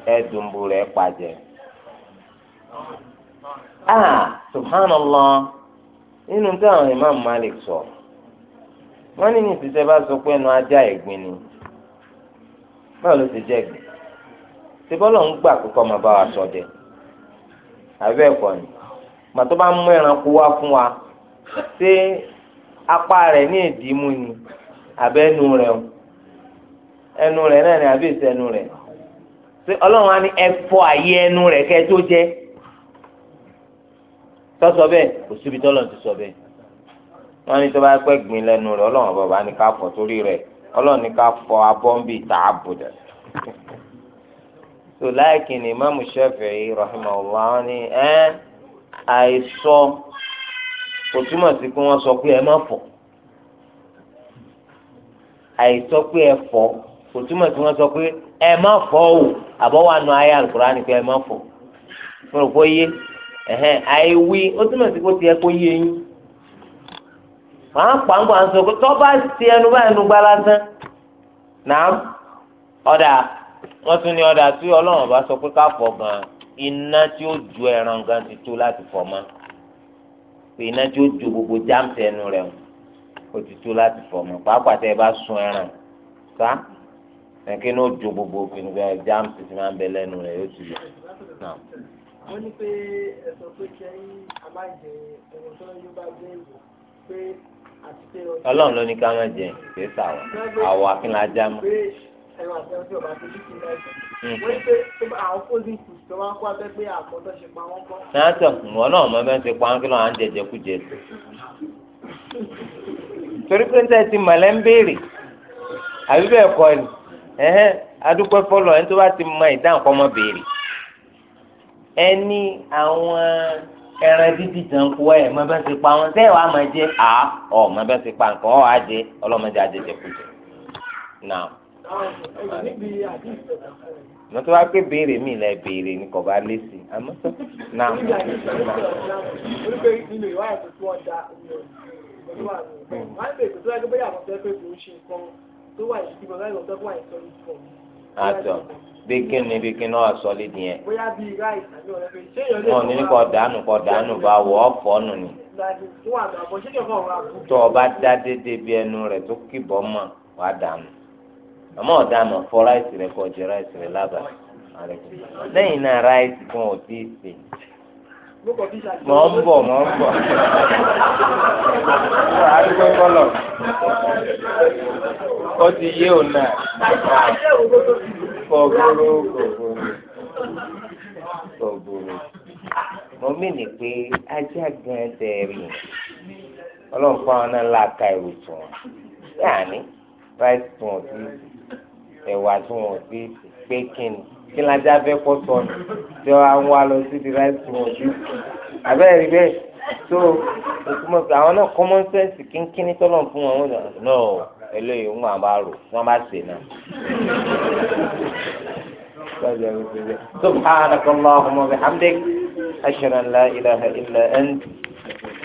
ẹdùnbù rẹ pàjẹ. a ah, subhanallah nínú táwọn imam malik sọ wọn ní ìsìsẹ bá sọ pé ẹnu ajá ẹ̀gbin ni báwo ló ti jẹ ẹ̀gbin sebọlọ ń gbà kókó ọmọ bá wa sọ dẹ àbẹ ẹkọ ni gbàtọ́ bá mú ẹranko wá fún wa ṣé apá rẹ̀ ní èdè mú ni àbẹ rẹ̀ ẹnu rẹ̀ náà ni àbí ìsẹnu rẹ̀ ṣé ọlọ́run á ní ẹ̀fọ́ àyè ẹnu rẹ̀ kẹ́ tó jẹ́ tọ́sọ bẹ́ẹ̀ kò síbi tọ́lọ̀ ti sọ bẹ́ẹ̀ wọ́n ní tó bá pẹ́ gbìn lẹ́nu rẹ̀ ọlọ́run bàbá ní ká fọ̀ torí rẹ̀ ọlọ́run ní ká fọ abọ́ ń tá a bò dẹ̀. tó láìkì ní imáàmù Ṣáfi'í rahimahullah wọn ní ẹ àìsọ kò túmọ̀ sí pé wọ́n sọ pé ẹ má fọ̀ àìsọ pé ẹ fọ̀ kò túmọ̀ tí wọ́n sọ pé ẹ má fọ́ o àbọ̀ wà nù ayé Al-Kùránì pé ẹ má fọ́ mo rò pé ó yé ẹ̀hẹ́n àìwí ó túmọ̀ sí pé ó ti yẹ kó yé yín màá pàǹgbà ń sọ pé tó bá ti ẹnu bá ẹnu gbá lásán nàám ọ̀dà wọ́n tún ní ọ̀dà tí Ọlọ́run bá sọ pé ká fọ̀ gan iná tí ó ju ẹran gan ti tó láti fọ̀ mọ́ pé iná tí ó ju gbogbo jáàmù ẹnu rẹ̀ ó ti tó láti fọ̀ mọ́ pàápàá tẹ́ ẹ bá sun ẹran ká ẹ̀kí ní ojú gbogbo gbìngbà jam ti máa ń bẹ lẹ́nu rẹ̀ yóò ti lọ. wọ́n ní pé ẹ̀sọ́ pé kẹ́yìn amájẹ ẹ̀rọ tó ń yóò bá gbé ìwò pé àti pé. ọlọ́run ló ní ká má jẹ kì í sàwọ̀ àwọ̀ akínlá já mọ́. ẹ̀rọ àti ẹ̀rọ ọba tó ní kí hmm. wọ́n ní àwọn fóònù kù tó wá kó abẹ́ pé ṣe pa wọ́n kọ́. náà sọ wọn náà mọ bẹ́ẹ̀ ti pa wọn kí lọ́wọ́ à ń jẹjẹ kú jẹ torí pé ń tẹ́ ti mọ̀lẹ́ ń béèrè àbí bẹ́ẹ̀ kọ́ ni ẹhẹn fọlọ ẹni tó bá ti mọ ìdáhùn mọ́ béèrè ẹni àwọn ẹran dídì tán kú ẹ mọ bá ti pa wọn tẹ wàá máa jẹ à ọ mọ bá ti pa nǹkan ọ á jẹ ọlọ́mọdé á jẹ náà. mo tó wá pé béèrè mi lẹ béèrè ni kò bá lé sí sọ náà. Mm. àtọ̀ bí kíni bí kíni ọ̀ sọ́lé di yẹn. wọn ní kọ dànù kọ dànù bá wọ ọfọ nù ni. tó o bá dá dédé bí ẹnu rẹ tó kìbọ mọ wàá dànù àmọ́ ọ̀daràn fọ ráìsì rẹ kọjá ráìsì rẹ lábàá lẹ́yìn náà ráìsì fún òtí ìsè mọ̀ ń bọ̀ mọ̀ ń bọ̀ àdúgbò kọlọ̀ ó ti yé òun náà kọ̀ọ̀gbòrò kọ̀ọ̀gbòrò kọ̀ọ̀gbòrò mo mìíní pé ajá gan tẹ̀ rí ọlọ́run pa wọn náà láàka ẹ̀rù tù wọn yáà ní rice tù wọn sí ẹ̀wà tù wọn sí pé kíni kí n lajà fẹ́ kọ́ sọ ni tí wọ́n á ń wá lọ sí di ráìsì wọn bí àbẹ́rẹ́ bẹ́ẹ̀ so òtúmọ̀ sí àwọn náà common sense kínkínní tọ́lọ̀ fún wọn wọn náà eléyìí ń wọn bá rò wọn bá sè náà. سبحانك اللهم وبحمدك أشهد أن لا إله إلا أنت